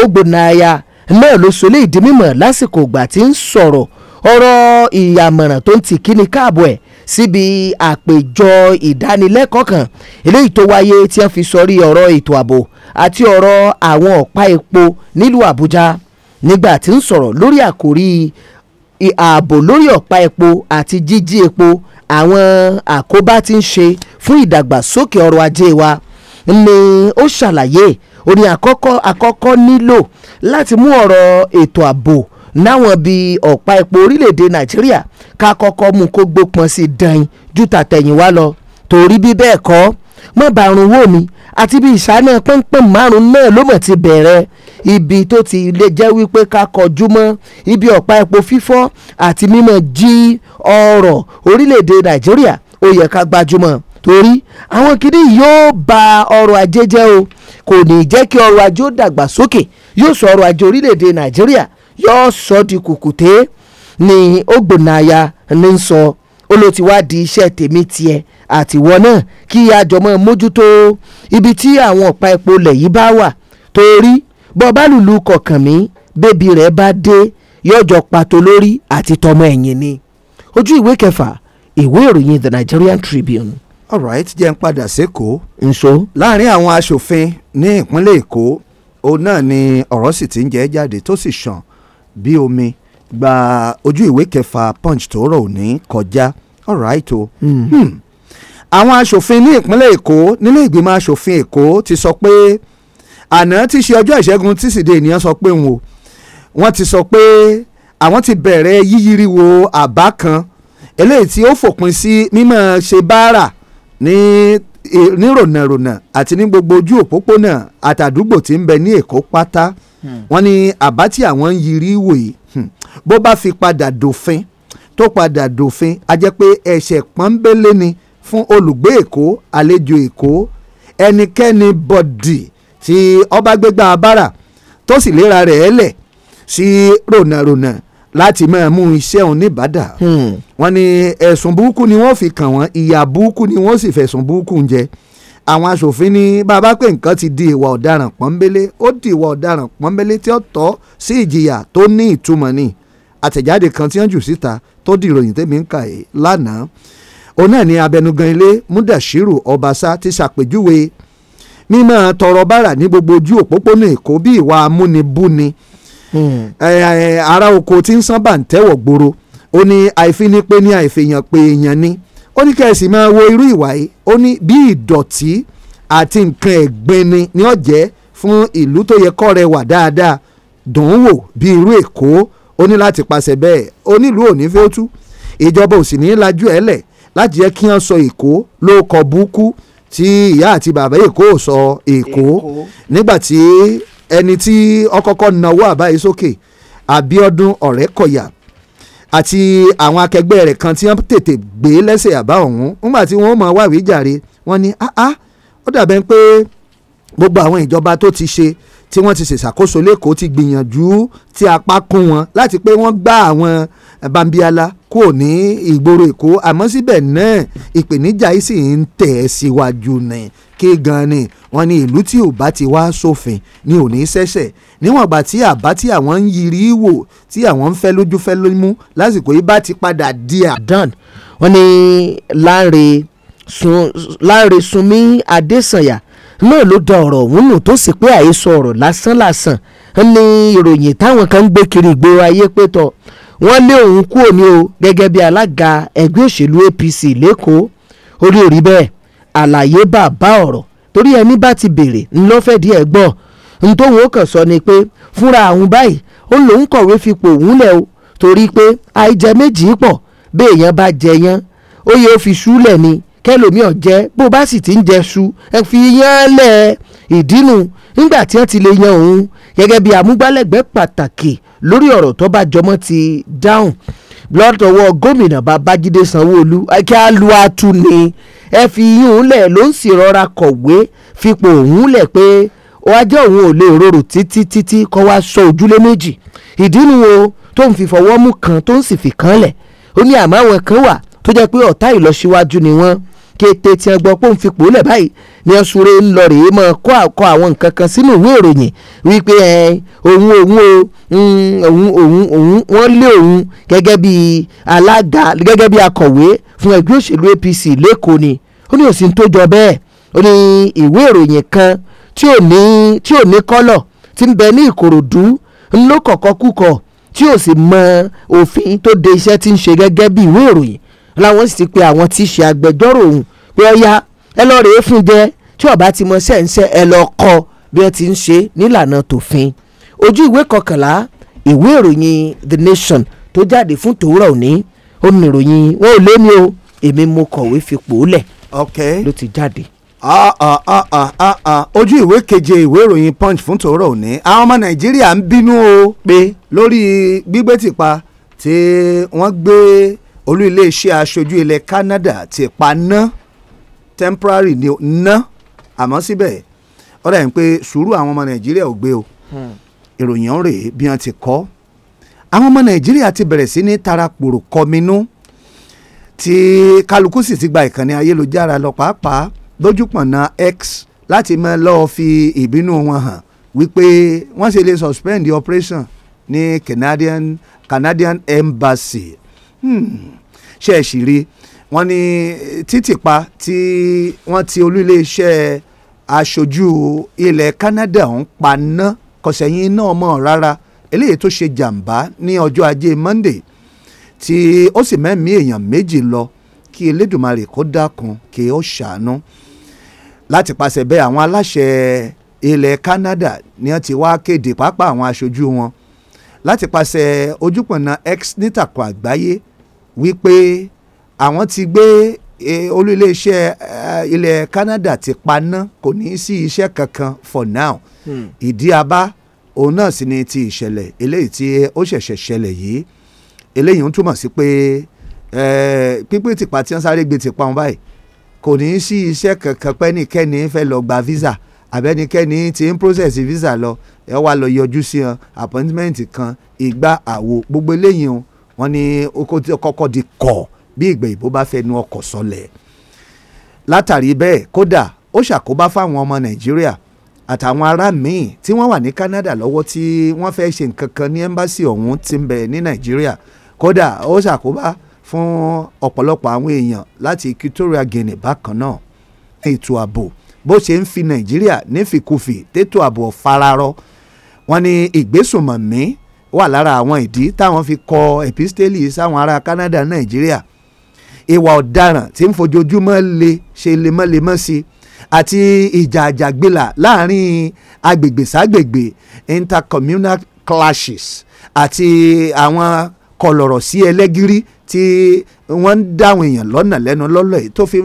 ó gbóná aya náà ló so lè di mímọ̀ lásìkò ìgbà tí ń sọ̀rọ̀ ọ̀rọ̀ ìyàmọ̀ràn tó ń tì kí ni káàbọ̀ ẹ̀ síbi àpèjọ ìdánilẹ́kọ̀ọ́ kan eléyìí tó wáyé tí wọ́n fi sọrí ọ̀rọ̀ ètò ààbò àti ọ̀rọ̀ àwọn ọ̀pá epo nílùú Àbújá nígbà tí ń sọ̀rọ̀ lórí àkòrí ààbò lórí ọ̀pá epo àti jíjí epo àwọn àkóbá tí ń ṣe fún ìdàgbàsókè ọrọ̀ ajé wa ni ó ṣàlàyé ó àkọ́kọ́ nílò láti mú ọ̀rọ̀ ètò ààbò náwọn bíi ọ̀pá epo orílẹ̀-èdè nàìjíríà ká kọ́kọ́ mú kó gbópọn sí dan ju tàtẹ̀yìnwá lọ torí bí bẹ́ẹ̀ kọ́ mọ́ bàrùn wò mí àti bí ìṣáná pínpín márùn-ún náà ló mọ̀ ti bẹ̀rẹ̀ ibi tó ti lè jẹ́ wípé ká kọjú mọ́ ibi ọ̀pá epo fífọ́ àti mímọ́ jí ọrọ̀ orílẹ̀-èdè nàìjíríà ó yẹ ká gbajúmọ̀ torí àwọn kìíní yóò ba ọrọ̀ ajé jẹ́ o kò ní jẹ́ kí ọrọ̀ ajé ó dàgbà yóò sọ ọrọ̀ ajé orílẹ̀-èdè nàìjíríà yóò sọ di kùkùté ni ó gbòòna aya ní sọ ó ló ti wá di iṣẹ́ tèmi tiẹ̀ àtiwọ́ náà kí àjọmọ́ mójútó ibi tí àwọn ọ̀pá epo lẹ̀ yìí bá wà torí bọ́bálùlù kọ̀ọ̀kan mi bébí rẹ̀ bá dé yọjọ́ pàtó lórí àti tọmọ ẹ̀yìn ni ojú ìwé kẹfà ìwé ìròyìn the Nigerian Tribune. alright jẹ́ ń padà sékòó. nso. láàrin àwọn aṣòfin ní ìpínlẹ̀ Èkó òun náà ni ọ̀rọ̀ sì ti ń jẹ́ jáde tó sì sàn bí omi gba ojú ìwé kẹfà punch tó rọ̀ òní kọjá alright o. Hmm. Hmm. àwọn aṣòfin ní ìpínlẹ̀ èkó nílé ìgbìmọ̀ aṣòfin èkó ti sọ pé àná tí ṣe ọjọ́ ìṣẹ́gun tíṣídẹ̀ẹ́ ènìyàn sọ pé wọn wọ́n ti sọ pé àwọn ti bẹ̀rẹ̀ yíyíriwo àbá kan eléyìí tí ó fòpin sí mímọ̀ ṣe báárà ní E, nírònàrònà àti ní gbogbo ojú òpópónà àtàdúgbò tí ń bẹ ní Èkó pátá hmm. wọ́n ní àbá tí àwọn ń yiri wò yìí hmm, bó bá fi padà dòfin tó padà dòfin a jẹ́ pé ẹ̀ṣẹ̀ pọ́nbélé ni fún olùgbé Èkó àlejò Èkó ẹnikẹ́ni bọ̀dì tí ọba gbégbá abára tó sì léra rẹ̀ ẹ́lẹ̀ sí rònàrònà láti máa mú iṣẹ́ òun níbàdà hmm. wọ́n ní ẹ̀sùn burúkú ni wọ́n fi kàn wọ́n ìyà burúkú ni wọ́n sì fẹ̀sùn burúkú ń jẹ àwọn aṣòfin ní bàbá pé nǹkan ti di ìwà ọ̀daràn pọ́nbélé ó di ìwà ọ̀daràn pọ́nbélé tí ó tọ́ sí ìjìyà tó ní ìtumọ̀ ni àtẹ̀jáde kan tí wọ́n jù síta tó di ìròyìn tèmi ń kà é lánàá òun náà ni abẹnugan ilé Mudashiru Ọbaṣá ti ṣàpèjúwe mímọ́ tọrọ bárà ní gbogbo ojú òpópónà Èkó bí ìwà amúnibúni. Eh, eh, ara oko tí ń sán bàǹtẹ́wọ̀ gbòòrò ó ní àìfínipé ní àìfihàn pé èèyàn ni ó ní kẹ́sì máa wo irú ìwà yìí ó ní bí ìdọ̀tí àti nǹkan ẹ̀gbin ni ní ọ̀jẹ́ fún ìlú tó yẹ kọ́ rẹwà dáadáa dùn ún wò bí irú Èkó ó ní láti pàṣẹ bẹ́ẹ̀ onílùú ò ní fẹ́ tú ìjọba ò sì ní lajú ẹ̀ lẹ̀ láti jẹ́ kí wọ́n sọ Èkó ló kọ búkú tí ìyá àti bàbá Èkó ò sọ Èkó nígbàtí ẹni tí ọkọ̀kọ́ náwó àbáyé sókè Abíọ́dún Ọ̀rẹ́kọ̀yà àti àwọn akẹgbẹ́ rẹ̀ kan tí wọ́n tètè gbé lẹ́sẹ̀ àbá ọ̀hún nígbà tí wọ́n mọ̀ wáwí jàre wọ́n ní áá ó dàbẹ̀ pé gbogbo àwọn ìjọba tó ti ṣe tí wọ́n ti ṣèṣàkóso lẹ́kọ̀ọ́ ti gbìyànjú ti apá kún wọn láti pé wọ́n gbá àwọn bambiala kúrò ní ìgboro èkó àmọ́ síbẹ̀ náà ìpèníjà yìí sì ń tẹ̀ ẹ́ síwájú ni ké gan ni wọ́n ní ìlú tí ò bá ti wá sófin ni ò ní ṣẹ̀ṣẹ̀ níwọ̀n ìgbà tí àbá tí àwọn ń yiri wò tí àwọn ń fẹ́ lójú fẹ́ lómú lásìkò yìí bá ti padà di àdán wọ́n ní láre sun láre sunmi adésànyà náà ló da ọ̀rọ̀ ọ̀hún nù tó sì pé àhesọ ọ̀rọ̀ lásán ní ìròyìn táwọn kan ń gbé kiri ìgboro ayé pé tọ̀ wọ́n lé òun kúrò ní o gẹ́gẹ́ bí alága ẹgbẹ́ òṣèlú APC lẹ́kọ̀ọ́ orí òrí bẹ́ẹ̀ àlàyé bàbá ọ̀rọ̀ torí ẹni bá ti béèrè ńlọ́fẹ̀dí ẹ̀ gbọ́ ohun tóun ó kàn sọ ni pé fúnra àwọn báyìí ó lòun kọ̀wé fipò òun lẹ̀ o torí pé àìjẹ méjì pọ̀ bí èèyàn bá jẹ yán ó yẹ ó fi ṣú lẹ̀ ni kẹlòmíọ̀ jẹ́ bó bá sì ti ń jẹ ṣú ẹ fi yán lẹ̀ ẹ́ ìdínú nígbà tí wọ́n ti lè yan òun gẹ́gẹ́ bí amúgbálẹ́gbẹ̀ẹ́ pàtàkì lórí ọ̀rọ̀ tó bá jọmọ́ ti dáhùn lọ́dọ̀wọ́ gómìnà babájídé sanwóolu kí á lu atu ni ẹ fi yún lẹ̀ ló ń sì rọra kọ̀wé fipò òun lẹ̀ pé ọjọ́ òun ò lè rorò títí títí kọ́ wá sọ ojúlé méjì ìdínú o tó ń fi fọwọ́ mú kan tó ń sì fi kan lẹ̀ ó ní àmọ́ àwọn kan wà tó jẹ́ pé ọ̀tá ìlọsíwájú ni wọ́n kété tí wọ́n gbọ́ pé òun fipò lẹ̀ báyìí ni wọ́n súré lọ rèé mọ́ kọ́ àkọ́ àwọn nǹkan kan sínú ìwé ìròyìn wípé òun òun òun òun òun wọ́n lé òun gẹ́gẹ́ bí alága gẹ́gẹ́ bí akọ̀wé fún ẹgbẹ́ òṣèlú APC lẹ́kọ̀ọ́ ni ó ní òsín tó jọ bẹ́ẹ̀ ó kan tí ò ní tí ò ní kọ́lọ̀ tí ń bẹ ní Ìkòròdú de iṣẹ́ tí ń ṣe gẹ́gẹ́ bí ìwé làwọn sì ti pe àwọn tí í ṣe agbẹjọ́rò òun pé ọ̀ya ẹ lọ rèé fún jẹ tí ọba ti mọ sẹ́ǹsẹ́ ẹ lọ kọ bí wọ́n ti ń ṣe nílànà tòfin ojú ìwé kọkànlá ìwé ìròyìn The Nation tó jáde fún tòwúrọ̀ òní Omi ní ìròyìn wọn ò lé ní o èmi mo kọ̀wé fipò lẹ̀ ló ti jáde. Ah, ah, ah, ojú ìwé keje ìwé ìròyìn punch fún tòwúrọ̀ òní àwọn ọmọ nàìjíríà ń bínú o pé lórí gbígbé tìpa tí wọ́n gbé olú iléeṣẹ́ aṣojú ilẹ̀ Canada ti pa ná temporary ni ná àmọ́ síbẹ̀ ó dà yín pé sùúrù àwọn ọmọ Nàìjíríà ò gbé o hmm. ìròyìn ọ̀rẹ́ bí wọ́n ti kọ́ àwọn ọmọ Nàìjíríà ti bẹ̀rẹ̀ sí ní tarapòrò kọminú tí kálukú sì ti gba ìkànnì ayélujára lọ pàápàá lójúpọ̀nà X láti máa lọ́ọ́ fi ìbínú wọn hàn wípé wọ́n ṣe lè suspend the operation ní Canadian Canadian Embassy. Hmm ṣe é sì rí wọ́n ní títìpa tí wọ́n ti olú iléeṣẹ́ aṣojú ilẹ̀ Canada ń pa ná kọ̀sẹ̀yìn náà mọ̀ rárá eléyìí tó ṣe jàǹbá ní ọjọ́ ajé Monday tí ó sì mẹ́mí èèyàn méjì lọ kí Elédùmarè kó dákun kí ó ṣàánú láti pàṣẹ bẹ́ẹ̀ àwọn aláṣẹ ilẹ̀ Canada ni wọ́n ti wá kéde pàápàá àwọn aṣojú wọn láti pàṣẹ ojúpọ̀nà X nítàkùn àgbáyé wípé àwọn ti gbé e, olú iléeṣẹ́ e, ilẹ̀ Canada ti paná kò ní sí iṣẹ́ kankan for now hmm. ìdí abá òun náà sì ni ti ìṣẹ̀lẹ̀ eléyìí tí ó ṣẹ̀ṣẹ̀ ṣẹlẹ̀ yìí eléyìí ń túmọ̀ sí pé e, pípín tìpa tí wọ́n sáré gbé tìpa wọn báyìí kò ní sí iṣẹ́ kankan pẹ́nikẹ́ni fẹ́ lọ gba visa abẹ́nikẹ́ni ti ń process visa lọ ẹ wá lọ yọjú sí wọn appointment kan ìgbà àwo gbogbo eléyìí wọ́n ní kọ́kọ́ di kọ̀ bí ìgbẹ́ ìbò bá fẹ́ nu ọkọ̀ sọlẹ̀ látàrí bẹ́ẹ̀ kódà ó ṣàkóbá fáwọn ọmọ nàìjíríà àtàwọn ará míì tí wọ́n wà ní Canada lọ́wọ́ tí wọ́n fẹ́ ṣe nǹkan kan ní ẹ́mbáàsì ọ̀hún tí ń bẹ ní nàìjíríà kódà ó ṣàkóbá fún ọ̀pọ̀lọpọ̀ àwọn èèyàn láti Equatorial Guinea bákan náà ètò ààbò bó ṣe ń fi nàìjíríà nífìkúfì tètò ààbò fararọ wọ́n ní ìgbésùnmọ̀mí wà lára àwọn ìdí táwọn fi kọ episteli sáwọn ará Canada Nàìjíríà ìwà ọ̀daràn tí ń fojoojúmọ́ le ṣe lemọ́lemọ́ sí i àti ìjà àjàgbélà láàrin agbègbè ságbègbè intercommunal clashes àti àwọn kọlọ̀rọ̀ sí ẹlẹ́gìrì tí wọ́n ń dáwọn èèyàn lọ́nà lẹ́nu lọ́lọ́ yìí tó fi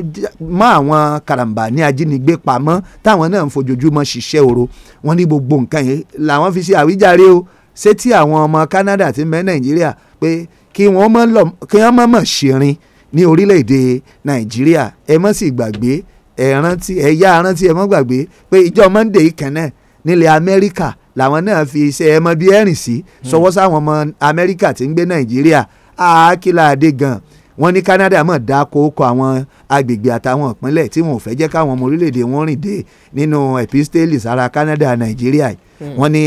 mọ́ àwọn karambà ní ajínigbé pamọ́ táwọn náà ń fojoojúmọ́ ṣiṣẹ́ oró wọn ní gbogbo nǹkan yìí làwọn fi ṣe àwíjàre o ṣé tí àwọn ọmọ Canada ti mẹ́ Nàìjíríà pé kí wọ́n mọ̀ mọ̀ ṣerin ní orílẹ̀-èdè Nàìjíríà ẹ mọ̀ sí gbàgbé ẹ rántí ẹ yá rántí ẹ mọ̀ gbàgbé pé ìjọ Monday kan náà nílẹ̀ Amẹ́ríkà làwọn náà fi iṣẹ́ ẹ mọ̀ bí ẹ̀rìn sí sọwọ́ hmm. sáwọn ọmọ Amẹ́ríkà tí ń gbé Nàìjíríà àákìlà adé gan wọ́n ní Canada mọ̀ dá kókó àwọn agbègbè àtàwọn ìpínlẹ̀ tí wọn ò fẹ́ jẹ́ káwọn ọmọ orílẹ̀-èdè wọn rìn dé nínú epistele sára Canada Nàìjíríà hmm. wọ́n ní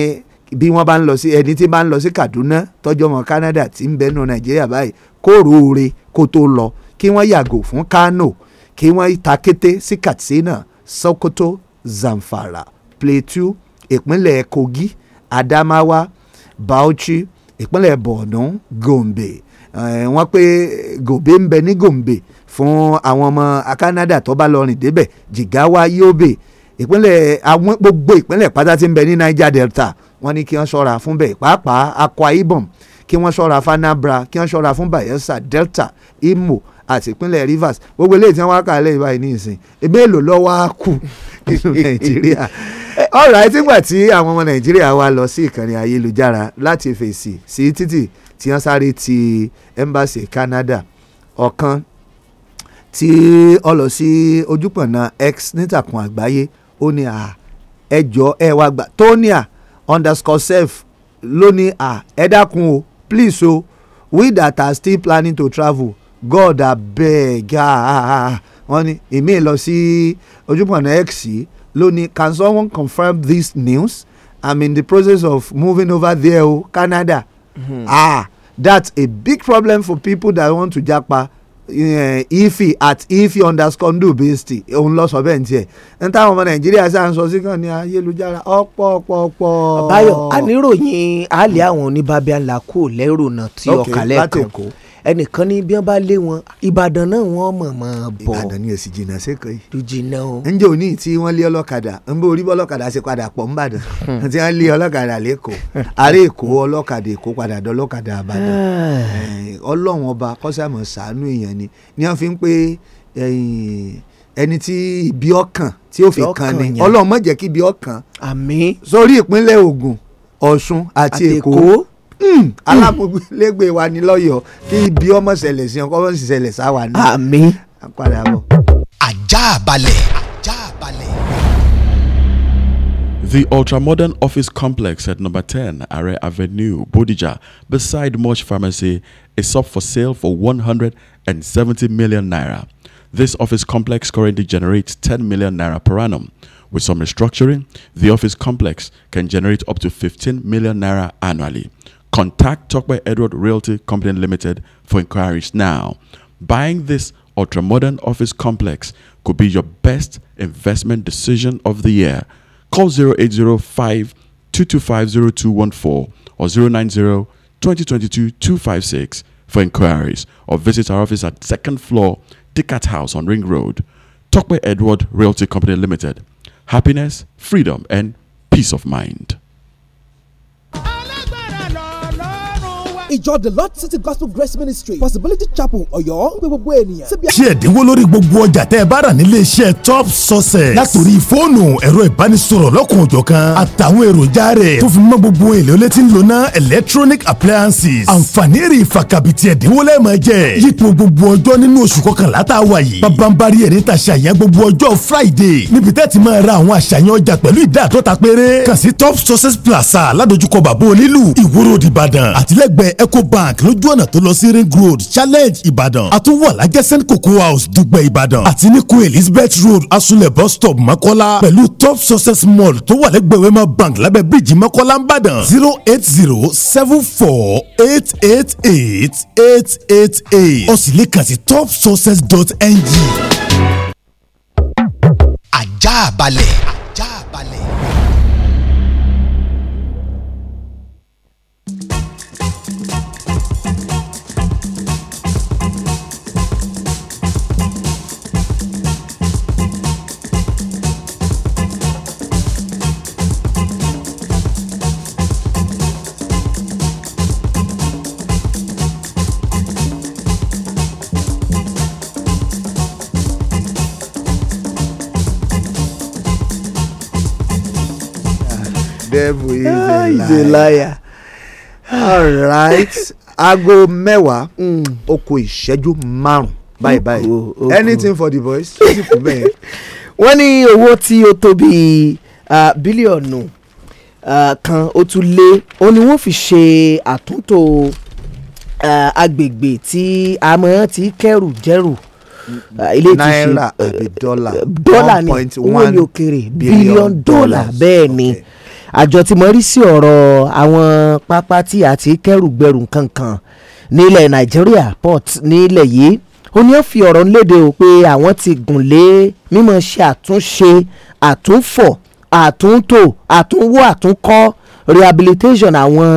bí wọ́n bá ń lọ sí ẹni tí bá ń lọ sí Kaduna tọ́jọ́ ọmọ Canada tí ń bẹ́nu Nàìjíríà báyìí kó roore kó tó lọ kí wọ́n yàgò fún Kano kí wọ́n ta kété sí Katsina Sokoto Zamfara Plateau ìpínlẹ̀ Kogi Adamawa Bauchi ìpínlẹ̀ Borno Gombe eh, wọ́n pé Gombe ń bẹ ní Gombe fún àwọn ọmọ Canada tó bá lọ rìn débẹ̀ Jigawa Yobe ìpínlẹ̀ àwọn gbogbo ìpínlẹ̀ pátá tí ń bẹ ní Niger Delta wọ́n ní kí wọ́n ṣọ́ra fún bẹ́ẹ̀ pàápàá Akwa Ibom kí wọ́n ṣọ́ra fún Anambra kí wọ́n ṣọ́ra fún Bayelsa Delta Imo àti ìpínlẹ̀ Rivers gbogbo eléyìí tí wọ́n wá kà lẹ́yìn báyìí ní ìsìn èbéèlò lọ́wọ́ á kù nínú Nàìjíríà ọ̀rọ̀ àti nígbà tí àwọn ọmọ Nàìjíríà wá lọ sí ìkànnì ayélujára láti fèsì sí títì tí wọ́n sáré ti embassy Canada ọ̀kan tí ó lọ sí ojúpọ̀nà X nítàkùn àgbáyé ó ní à ẹ jọ ẹ wá gbà tonia underscore self ló ní à ẹ dákun o please o we that are still planning to travel god abeg ah wọ́n ní èmi lọ sí ojúpọ̀nà x ló ní can someone confirm this news i'm in the process of moving over there o Canada mm -hmm. ah that's a big problem for people that want to japa Eh, ifi at ifi underscore ndubesti òun lọ sọ bẹ́ẹ̀ ntiẹ̀ n táwọn ọmọ nàìjíríà sá ń sọ sí kan ní ayélujára ọ̀pọ̀ ọ̀pọ̀ ọ̀pọ̀. báyọ̀ aníròyìn àlẹ́ àwọn oníbàbíà làkú lẹ́rù náà tí ọkàlẹ́ kan ẹnìkan ní bí wọ́n bá lé wọn ìbàdàn náà wọ́n mọ̀ mọ́ bọ̀. ìbàdàn ni èsì jìnnà sẹ́kọ̀ọ́ yìí. tó jìnnà o. ǹjẹ́ òní tí wọ́n lé ọlọ́kadà ń bó orí bọ́ ọlọ́kadà ṣe padà pọ̀ ńbàdàn hmm. tí wọ́n lé ọlọ́kadà lẹ́kọ̀ọ́ àárẹ̀ èkó ọlọ́kadà èkó padà dọ́ ọlọ́kadà àbàdàn ah. ọlọ́run ọba kọ́sàmọ̀ sàánú èèyàn ni ni wọ́n fi ń pé ẹni tí ibi ọkàn tí ó fi kan ni ọlọ́run má jẹ́ kí ibi ọkàn. sórí ìpínlẹ̀ Ògùn Ọ̀ṣun àti Èkó The hmm. wa ní kí ibi ọmọ ṣẹlẹ̀ sí ọkọ ọmọ ṣẹlẹ̀ ní. bọ̀. ajá balẹ̀. ajá balẹ̀. The office complex at number 10 Are Avenue, Bodija, beside Mosh Pharmacy, is up for sale for 170 million naira. This office complex currently generates 10 million naira per annum. With some restructuring, the office complex can generate up to 15 million naira annually. Contact Talkway Edward Realty Company Limited for inquiries now. Buying this ultra-modern office complex could be your best investment decision of the year. Call 0805 or 090 256 for inquiries or visit our office at second floor Dickat House on Ring Road. Talk by Edward Realty Company Limited. Happiness, freedom, and peace of mind. ìjọ the lord city gospel grace ministry possibility chapel ọ̀yọ́ ń pe gbogbo ènìyàn. ṣé ẹ̀dínwó lórí gbogbo ọjà tẹ́ ẹ bá rà nílé iṣẹ́ top success látòrí fóònù ẹ̀rọ ìbánisọ̀rọ̀ lọ́kùn òjọ̀ kan àtàwọn èròjà rẹ̀ tó fi mọ́ gbogbo èlé olé tí ń lò ná electronic appliances àǹfààní èrè ìfàkàbìtì ẹ̀dínwó lẹ́ẹ̀mọ́ jẹ́ yípo gbogbo ọjọ́ nínú oṣù kọkànlá tá a wà yìí bábánbárí ẹ̀rí ta ṣàyàn gbogbo ọjọ́ friday níbi tẹ́ ti máa ra àwọn àṣàyàn ọjà pẹ̀lú ìdá àtọ́ta péré kàn sí top success plaza ládojúkọ bàbá onílù ìwúrò ìbàdàn àtìlẹ́gbẹ̀ẹ́ ecobank lójú ọ̀nà tó lọ sí ring road challenge ìbàdàn àtúwọ̀ lájẹsẹ́n cocoa house dùgbẹ̀ ìbàdàn àti ní queen elizabeth road asunlẹ̀ bus stop mọ́kọ́lá pẹ̀lú top success mall tó wà lẹ́gbẹ̀ẹ́ wema bank lábẹ́ bíríìjì mọ́kọ́lá ń bàdàn zero eight zero seven four eight eight eight eight eight eight ó sì lè kàn sí topsuccess.ng. ajá balẹ̀. devil is ah, a liar. he's a liar. all right aago mẹ́wàá mm. ó kù ìṣẹ́jú márùn-ún báyìí báyìí anything for the boys tó sì kú bẹ́ẹ̀. wọ́n ní owó tí ó tó bílíọ̀nù kan ó tún lé ó ní wọ́n fi ṣe àtúntò agbègbè tí àmọ́ ti kẹ́rù jẹ́rù ilé àbí dọ́là one point one billion dollar bẹ́ẹ̀ ni. Okay àjọ tí mo rí sí ọ̀rọ̀ àwọn pápá tí a ti kẹ́rù gbẹrù kankan nílẹ̀ nàìjíríà port nílẹ̀ yìí ó ní ó fi ọ̀rọ̀ ń o pé àwọn ti gùn lé mímọ̀ ṣe àtúnṣe àtúnfọ̀ àtúntò àtúnwó àtúnkọ́ rehabilitation àwọn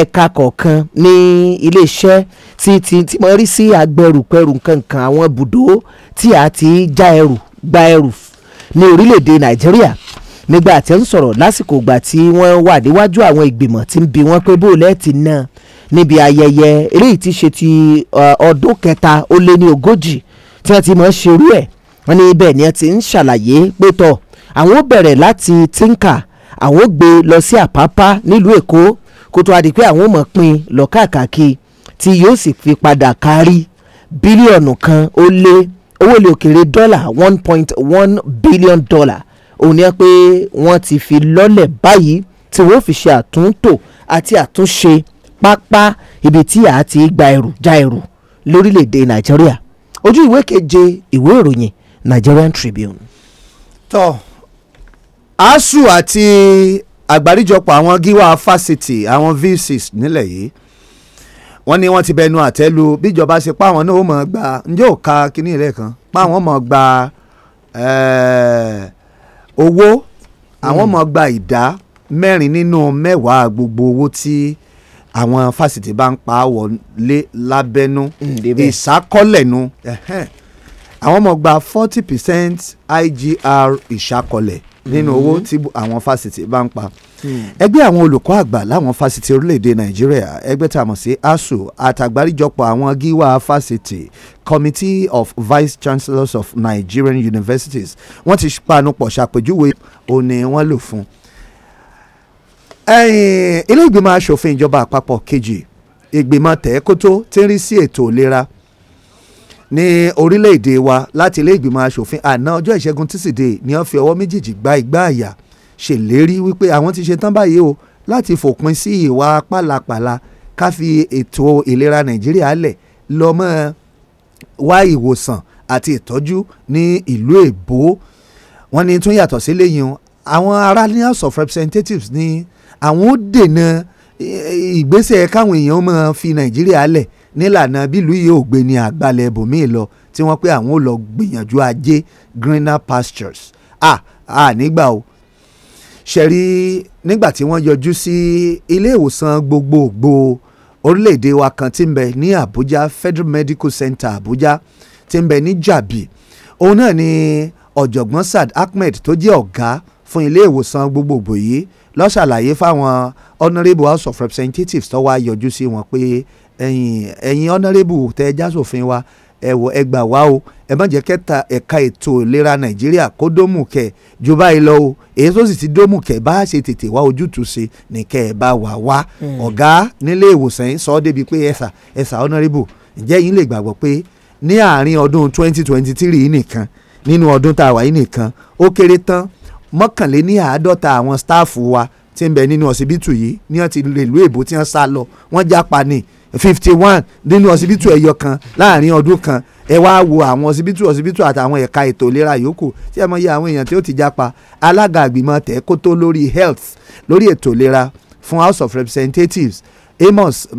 ẹ̀ka kọ̀ọ̀kan ní iléeṣẹ́ tí tí tí mo rí sí agbẹrùpẹrù nǹkankan àwọn bùdó tí a ti já ẹrù gba ẹrù ní orílẹ̀-èdè nàìjíríà nígbà tí ó ń sọ̀rọ̀ lásìkò ìgbà tí wọ́n wà níwájú àwọn ìgbìmọ̀ tí ń bi wọ́n pé bóòlẹ́ ti ná níbi ayẹyẹ eléyìí ti ṣe ti ọdún kẹta ó lé ní ogójì tí wọ́n ti mọ̀ ṣerú ẹ̀ wọ́n ní ibẹ̀ ni wọ́n ti ń ṣàlàyé pé tọ̀ àwọn ó bẹ̀rẹ̀ láti Tinka àwọn ó gbé lọ sí Àpápá nílùú Èkó kó tó adi àwọn ó mọ̀ pín lọ tí yóò sì fi padà kárí bílíọ̀nù kan ó lé owó ilé òkèèrè dọ́là one point one billion dollar òun ni pé wọ́n ti fi lọ́lẹ̀ báyìí tí wọ́n fi ṣe àtúntò àti àtúnṣe pápá ibi tí a ti gba ẹrù já ẹrù lórílẹ̀ nàìjíríà ojú ìwé keje ìwé ìròyìn Nigerian Tribune. tọ́ asu àti àgbáríjọpọ̀ àwọn gíwá fásitì àwọn VCs nílẹ̀ yìí wọ́n ní wọ́n ti bẹnu àtẹ́ lu bíjọba ṣe páwọn náà ó mọ̀ gba ǹjẹ́ ò ka kínní rẹ̀ kan páwọn mọ̀ gba ẹ̀ẹ́ owó àwọn máa hmm. gba ìdá mẹ́rin nínú mẹ́wàá gbogbo owó tí àwọn fásitì bá ń pa wọlé lábẹ́nú hmm, nu. àwọn máa gba forty percent IGR ìsákọ́lẹ̀ nínú owó mm-hmm. tí àwọn fásitì bá ń pa hmm. ẹgbẹ́ àwọn olùkọ́ àgbà láwọn fásitì orílẹ̀-èdè nàìjíríà ẹgbẹ́ tá a mọ̀ sí ASUU àtàgbáríjọpọ̀ àwọn gíwá fásitì Committee of Vice Chancellors of Nigerian Universities wọ́n ti panupọ̀ ṣàpèjúwe òní wọ́n lò fún. ilé ìgbìmọ̀ asòfin ìjọba àpapọ̀ kejì ìgbìmọ̀ tẹ̀ẹ́kótó tí ń rí sí ètò ìlera ní orílẹ̀-èdè wa láti ilé ìgbìmọ̀ asòfin àná ọjọ́ ìṣẹ́gun tísídẹ̀ẹ́ ni wọ́n fi ọwọ́ méjèèjì gba igbá àyà ṣèlérí wípé àwọn ti ṣe tán báyìí o láti fòpin sí ìwà pálapàla ká fi ètò ìlera nàìjíríà lẹ̀ lọ́mọ wá ìwòsàn àti ìtọ́jú ní ìlú èbó wọ́n ní tún yàtọ̀ sí lẹ́yìn àwọn ará ní house of representatives ni àwọn ó dènà ìgbésẹ̀ káwọn èèyàn máa fi nàìjíríà lẹ̀ nílànà bílù yìí ò gbé ní àgbálẹ̀ ibòmíì lọ tí wọ́n pé àwọn ò lọ gbìyànjú ajé greener pastures à à nígbà o ṣẹ̀rí nígbà tí wọ́n yọjú sí ilé ìwòsàn gbogbogbò orílẹ̀-èdè wa kan tí ń bẹ ní Àbújá Federal Medical Center abuja, tí ń bẹ ní Jàbí òun náà ni ọ̀jọ̀gbọ́n Saad Ahmed tó jẹ́ ọ̀gá fún ilé ìwòsàn gbogbogbò yìí ló ṣàlàyé fáwọn honourable house of representatives tó wá yọjú sí wọn pé ẹ̀yin ẹ̀yin ọ̀nàrẹ́bù tẹ́ ẹ jásòfin wa ẹ wò ẹ gbà wá o ẹ má jẹ́ kẹta ẹ̀ka ètò ìlera nàìjíríà kó dómù kẹ ju báyìí lọ o èyí tó sì ti dómù kẹ bá ṣe tètè wá ojútùú sí ni kẹ ẹ bá wà wá hmm. ọ̀gá nílé ìwòsàn yìí sọ ọ́ débi pé ẹ̀sà ẹ̀sà ọ̀nàrẹ́bù ǹjẹ́ yín lè gbàgbọ́ pé ní àárín ọdún 2023 yìí nìkan nínú ọdún tá a wà yìí nìkan ó kéré tán mọ́kànléní àádọ́ta àwọn sítáàfù wa ti ń bẹ nínú ọsibítù yìí ní wọ́n ti èbó tí wọ́n sá lọ wọ́n jápa ni fifty one nínú ọsibítù ẹ̀yọ kan láàrin ọdún kan ẹ wá wo àwọn ọsibítù ọsibítù àtàwọn ẹ̀ka ètò ìlera yòókù tí ẹ mọ iye àwọn èèyàn tí ó ti japa alága àgbìmọ̀ tẹ̀ kó tó lórí health lórí ètò ìlera fún house of representatives amos